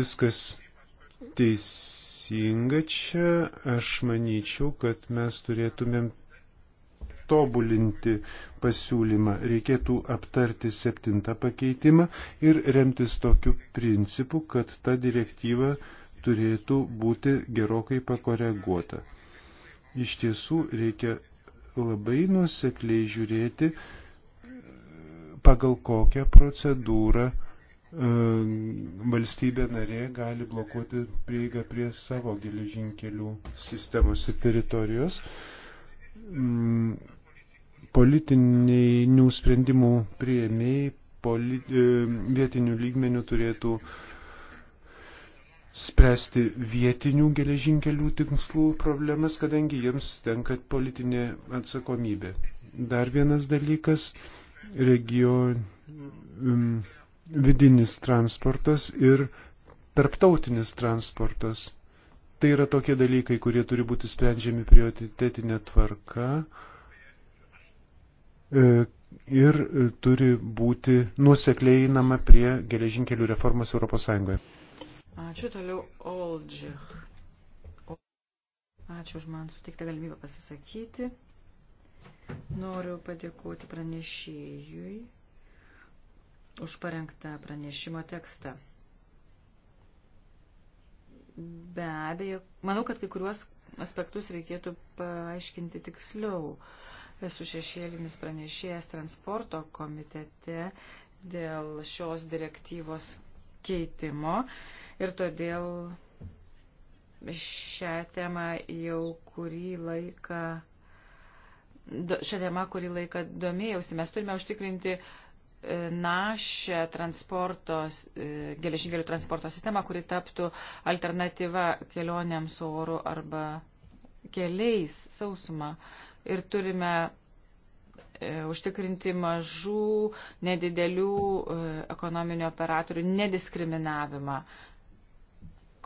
viskas teisinga čia. Aš manyčiau, kad mes turėtumėm tobulinti pasiūlymą. Reikėtų aptarti septintą pakeitimą ir remtis tokiu principu, kad ta direktyva turėtų būti gerokai pakoreguota. Iš tiesų reikia labai nusekliai žiūrėti, pagal kokią procedūrą e, valstybė narė gali blokuoti prieigą prie savo geležinkelių sistemos ir teritorijos. Mm, politinių sprendimų prieimėjai politi, e, vietinių lygmenių turėtų spręsti vietinių geležinkelių tinklų problemas, kadangi jiems tenka politinė atsakomybė. Dar vienas dalykas - region vidinis transportas ir tarptautinis transportas. Tai yra tokie dalykai, kurie turi būti sprendžiami prioritetinė tvarka. E, ir e, turi būti nusekliai einama prie geležinkelių reformos ES. Ačiū toliau, Oldžich. Ačiū už man sutiktą galimybę pasisakyti. Noriu padėkoti pranešėjui už parengtą pranešimo tekstą. Be abejo, manau, kad kai kuriuos aspektus reikėtų paaiškinti tiksliau. Uh, esu šešėlinis pranešėjas transporto komitete dėl šios direktyvos keitimo ir todėl šią temą jau kurį laiką šią temą kurį laiką domėjausi. Mes turime užtikrinti e, našę transporto, e, geležinkelių transporto sistemą, kuri taptų alternatyva kelionėms oru arba keliais sausumą ir turime e, užtikrinti mažų, nedidelių e, ekonominių operatorių nediskriminavimą.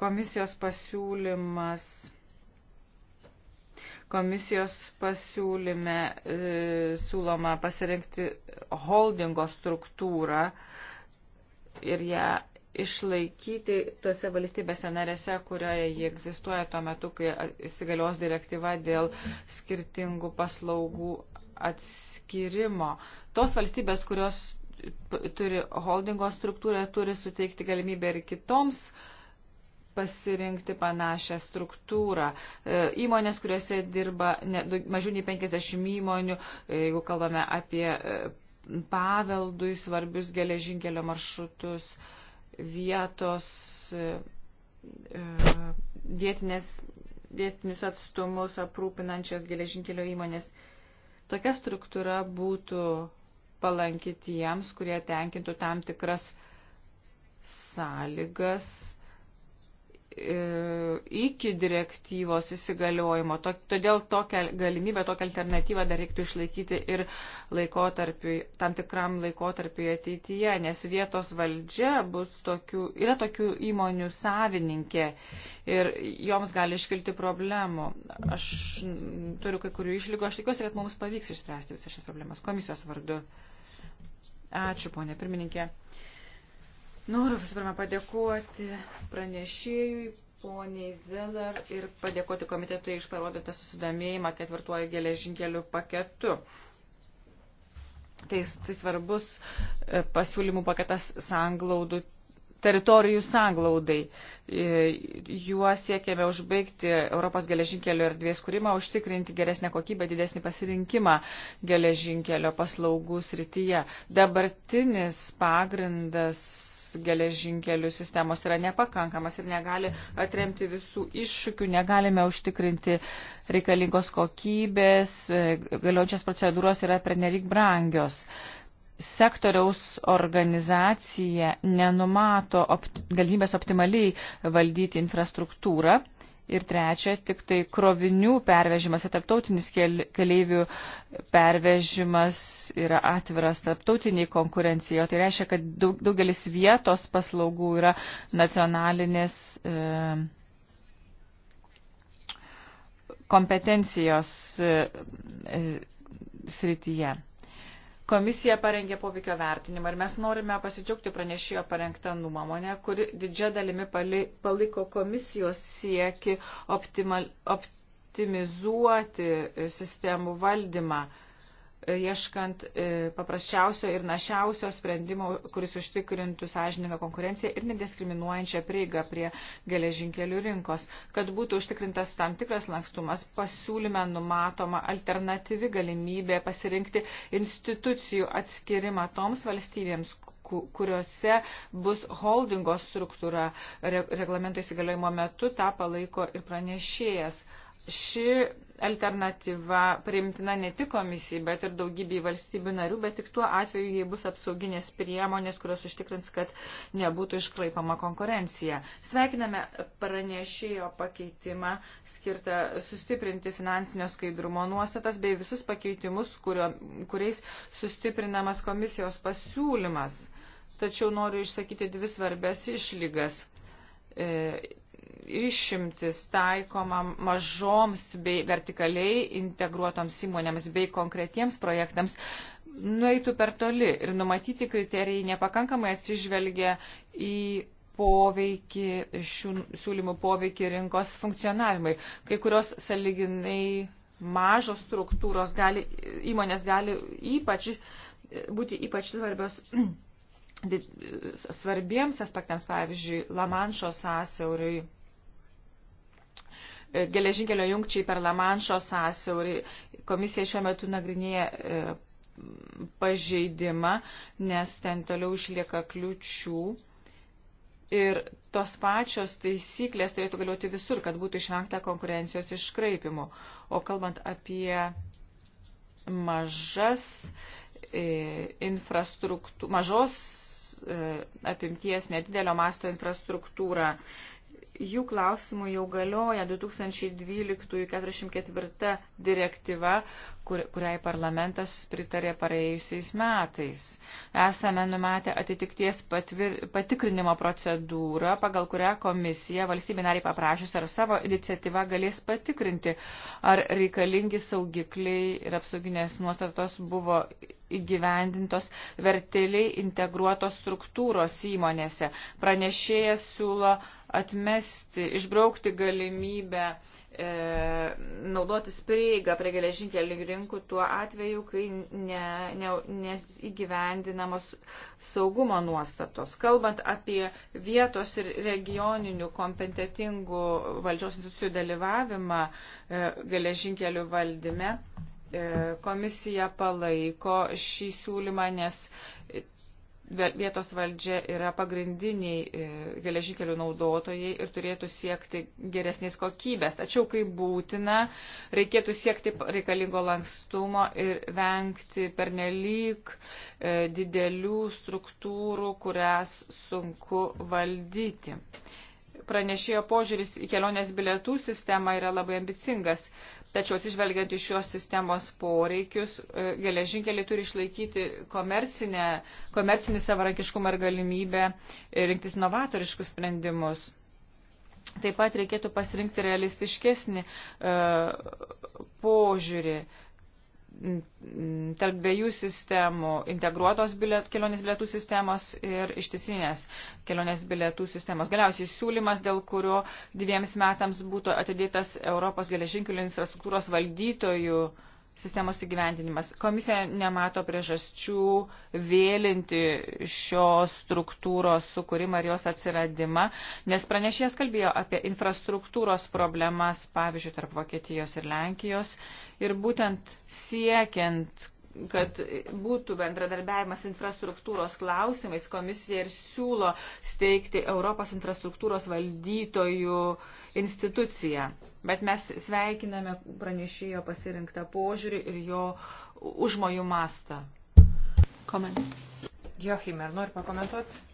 Komisijos pasiūlymas. Komisijos pasiūlyme e, siūloma pasirinkti holdingo struktūrą ir ją išlaikyti tose valstybėse narėse, kurioje jie egzistuoja tuo metu, kai įsigalios direktyva dėl skirtingų paslaugų atskirimo. Tos valstybės, kurios turi holdingo struktūrą, turi suteikti galimybę ir kitoms pasirinkti panašią struktūrą. E, įmonės, kuriuose dirba ne, mažiau nei 50 įmonių, e, jeigu kalbame apie e, paveldui svarbius geležinkelio maršrutus, vietos e, e, vietinės, vietinius atstumus aprūpinančias geležinkelio įmonės. Tokia struktūra būtų palanki tiems, kurie tenkintų tam tikras sąlygas E, iki direktyvos įsigaliojimo. Todėl tokią galimybę, tokią alternatyvą dar reiktų išlaikyti ir tam tikram laikotarpiu ateityje, nes vietos valdžia bus tokių, yra tokių įmonių savininkė ir joms gali iškilti problemų. Aš turiu kai kurių išlygų, aš tikiuosi, kad mums pavyks išspręsti visas šias problemas komisijos vardu. Ačiū, ponė pirmininkė. Uh, Noriu visų pirma padėkoti pranešėjui, poniai Zeller ir padėkoti komitetui iš parodytą susidomėjimą ketvirtuoju geležinkeliu paketu. Tai, tai svarbus e, pasiūlymų paketas sanglaudų teritorijų sanglaudai. E, juo siekėme užbaigti Europos geležinkelio erdvės kūrimą, užtikrinti geresnę kokybę, didesnį pasirinkimą geležinkelio paslaugų srityje. Dabartinis pagrindas geležinkelių sistemos yra nepakankamas ir negali atremti visų iššūkių, negalime užtikrinti reikalingos kokybės, e, galiojančias procedūros yra pernelyg brangios sektoriaus organizacija nenumato opt galimybės optimaliai valdyti infrastruktūrą. Ir trečia, tik tai krovinių pervežimas ir tarptautinis keleivių pervežimas yra atviras tarptautiniai konkurencijai. O tai reiškia, kad daug, daugelis vietos paslaugų yra nacionalinės e, kompetencijos e, srityje. Komisija parengė poveikio vertinimą ir mes norime pasidžiaugti pranešėjo parengtą nuomonę, kuri didžia dalimi pali, paliko komisijos sieki optimal, optimizuoti sistemų valdymą ieškant e, paprasčiausio ir našiausio sprendimo, kuris užtikrintų sąžininką konkurenciją ir nediskriminuojančią prieigą prie geležinkelių rinkos. Kad būtų užtikrintas tam tikras lankstumas, pasiūlyme numatoma alternatyvi galimybė pasirinkti institucijų atskirimą toms valstybėms, kuriuose bus holdingo struktūra reglamento įsigaliojimo metu, tą palaiko ir pranešėjas ši alternatyva priimtina ne tik komisijai, bet ir daugybei valstybių narių, bet tik tuo atveju, jei bus apsauginės priemonės, kurios užtikrins, kad nebūtų iškraipama konkurencija. Sveikiname pranešėjo pakeitimą skirtą sustiprinti finansinio skaidrumo nuostatas bei visus pakeitimus, kurio, kuriais sustiprinamas komisijos pasiūlymas. Tačiau noriu išsakyti dvi svarbės išlygas. E, išimtis taikoma mažoms bei vertikaliai integruotoms įmonėms bei konkretiems projektams nueitų per toli ir numatyti kriterijai nepakankamai atsižvelgia į poveikį, šių siūlymų poveikį rinkos funkcionavimai. Kai kurios saliginai mažos struktūros gali, įmonės gali ypač, būti ypač svarbios svarbiems aspektams, pavyzdžiui, Lamanšo sąsiauriui, e, geležinkelio jungčiai per Lamanšo sąsiaurį. Komisija šiuo metu nagrinėja e, pažeidimą, nes ten toliau išlieka kliučių. Ir tos pačios taisyklės turėtų galioti visur, kad būtų išvengta konkurencijos iškraipimų. O kalbant apie mažas e, infrastruktūros, mažos E, apimties nedidelio masto infrastruktūrą jų klausimų jau galioja 2012-44 direktyva, kur, kuriai parlamentas pritarė pareisiais metais. Esame numatę atitikties patvir, patikrinimo procedūrą, pagal kurią komisija valstybė nariai paprašys ar savo iniciatyvą galės patikrinti, ar reikalingi saugikliai ir apsauginės nuostatos buvo įgyvendintos verteliai integruotos struktūros įmonėse. Pranešėjas siūlo atmesti, išbraukti galimybę e, naudotis prieigą prie geležinkelių rinkų tuo atveju, kai ne, ne, nesigyvendinamos saugumo nuostatos. Kalbant apie vietos ir regioninių kompetitingų valdžios institucijų dalyvavimą e, geležinkelių valdyme, e, komisija palaiko šį siūlymą, nes vietos valdžia yra pagrindiniai e, geležinkelių naudotojai ir turėtų siekti geresnės kokybės. Tačiau, kai būtina, reikėtų siekti reikalingo lankstumo ir vengti pernelyg e, didelių struktūrų, kurias sunku valdyti. Pranešėjo požiūris į kelionės bilietų sistemą yra labai ambicingas. Tačiau atsižvelgiant iš šios sistemos poreikius, e, geležinkeliai turi išlaikyti komercinį savarankiškumą ir galimybę e, rinktis novatoriškus sprendimus. Taip pat reikėtų pasirinkti realistiškesnį e, požiūrį tarp dviejų sistemų - integruotos bilet, kelionės bilietų sistemos ir ištisinės kelionės bilietų sistemos. Galiausiai siūlymas, dėl kurio dviems metams būtų atidėtas Europos geležinkelių infrastruktūros valdytojų uh, sistemos įgyvendinimas. Komisija nemato priežasčių vėlinti šios struktūros sukūrimą ir jos atsiradimą, nes pranešėjas kalbėjo apie infrastruktūros problemas, pavyzdžiui, tarp Vokietijos ir Lenkijos. Ir būtent siekiant, kad būtų bendradarbiavimas infrastruktūros klausimais, komisija ir siūlo steigti Europos infrastruktūros valdytojų instituciją. Bet mes sveikiname pranešėjo pasirinktą požiūrį ir jo užmojų mastą. Comment. Joachim, ar nori pakomentuoti?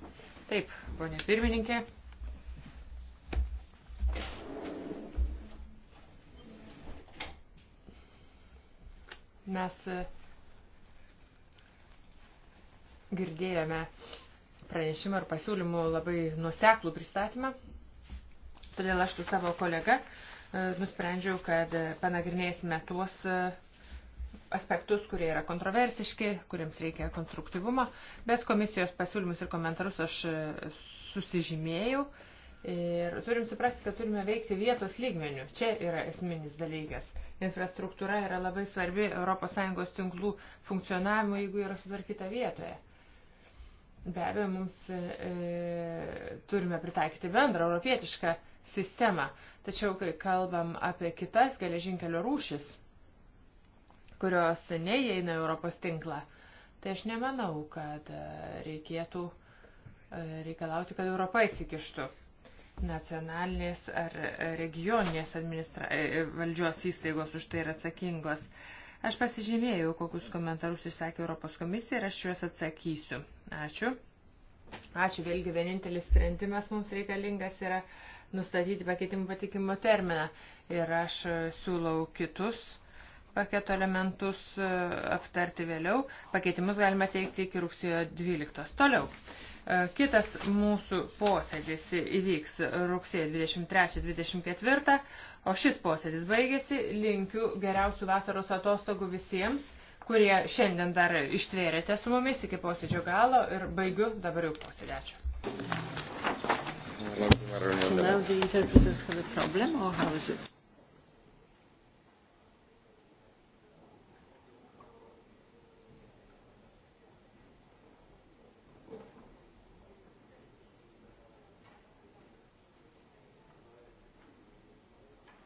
Taip, ponė pirmininkė. Mes Girdėjome pranešimą ir pasiūlymų labai nuseklų pristatymą. Todėl aš su savo kolega e, nusprendžiau, kad e, panagrinėsime tuos e, aspektus, kurie yra kontroversiški, kuriems reikia konstruktyvumo, bet komisijos pasiūlymus ir komentarus aš susižymėjau. Ir turim suprasti, kad turime veikti vietos lygmenių. Čia yra esminis dalykas. Infrastruktūra yra labai svarbi ES tinklų funkcionavimui, jeigu yra sutvarkyta vietoje. Be abejo, mums e, turime pritaikyti bendrą europietišką sistemą. Tačiau, kai kalbam apie kitas geležinkelio rūšis, kurios neįeina Europos tinklą, tai aš nemanau, kad e, reikėtų e, reikalauti, kad Europa įsikištų nacionalinės ar regioninės administra... E, valdžios įstaigos už tai yra atsakingos. Aš pasižymėjau, kokius komentarus išsakė Europos komisija ir aš juos atsakysiu. Ačiū. Ačiū vėlgi vienintelis sprendimas mums reikalingas yra nustatyti pakeitimų patikimo terminą. Ir aš siūlau kitus paketo elementus e, aptarti vėliau. Pakeitimus galima teikti iki rugsėjo 12. Toliau. E, kitas mūsų posėdis įvyks rugsėjo 23-24, o šis posėdis baigėsi. Linkiu geriausių vasaros atostogų visiems kurie šiandien dar ištvėrėte su mumis iki posėdžio galo ir baigiu dabar jau posėdį. Ačiū. So now the interpreters have a problem or how is it?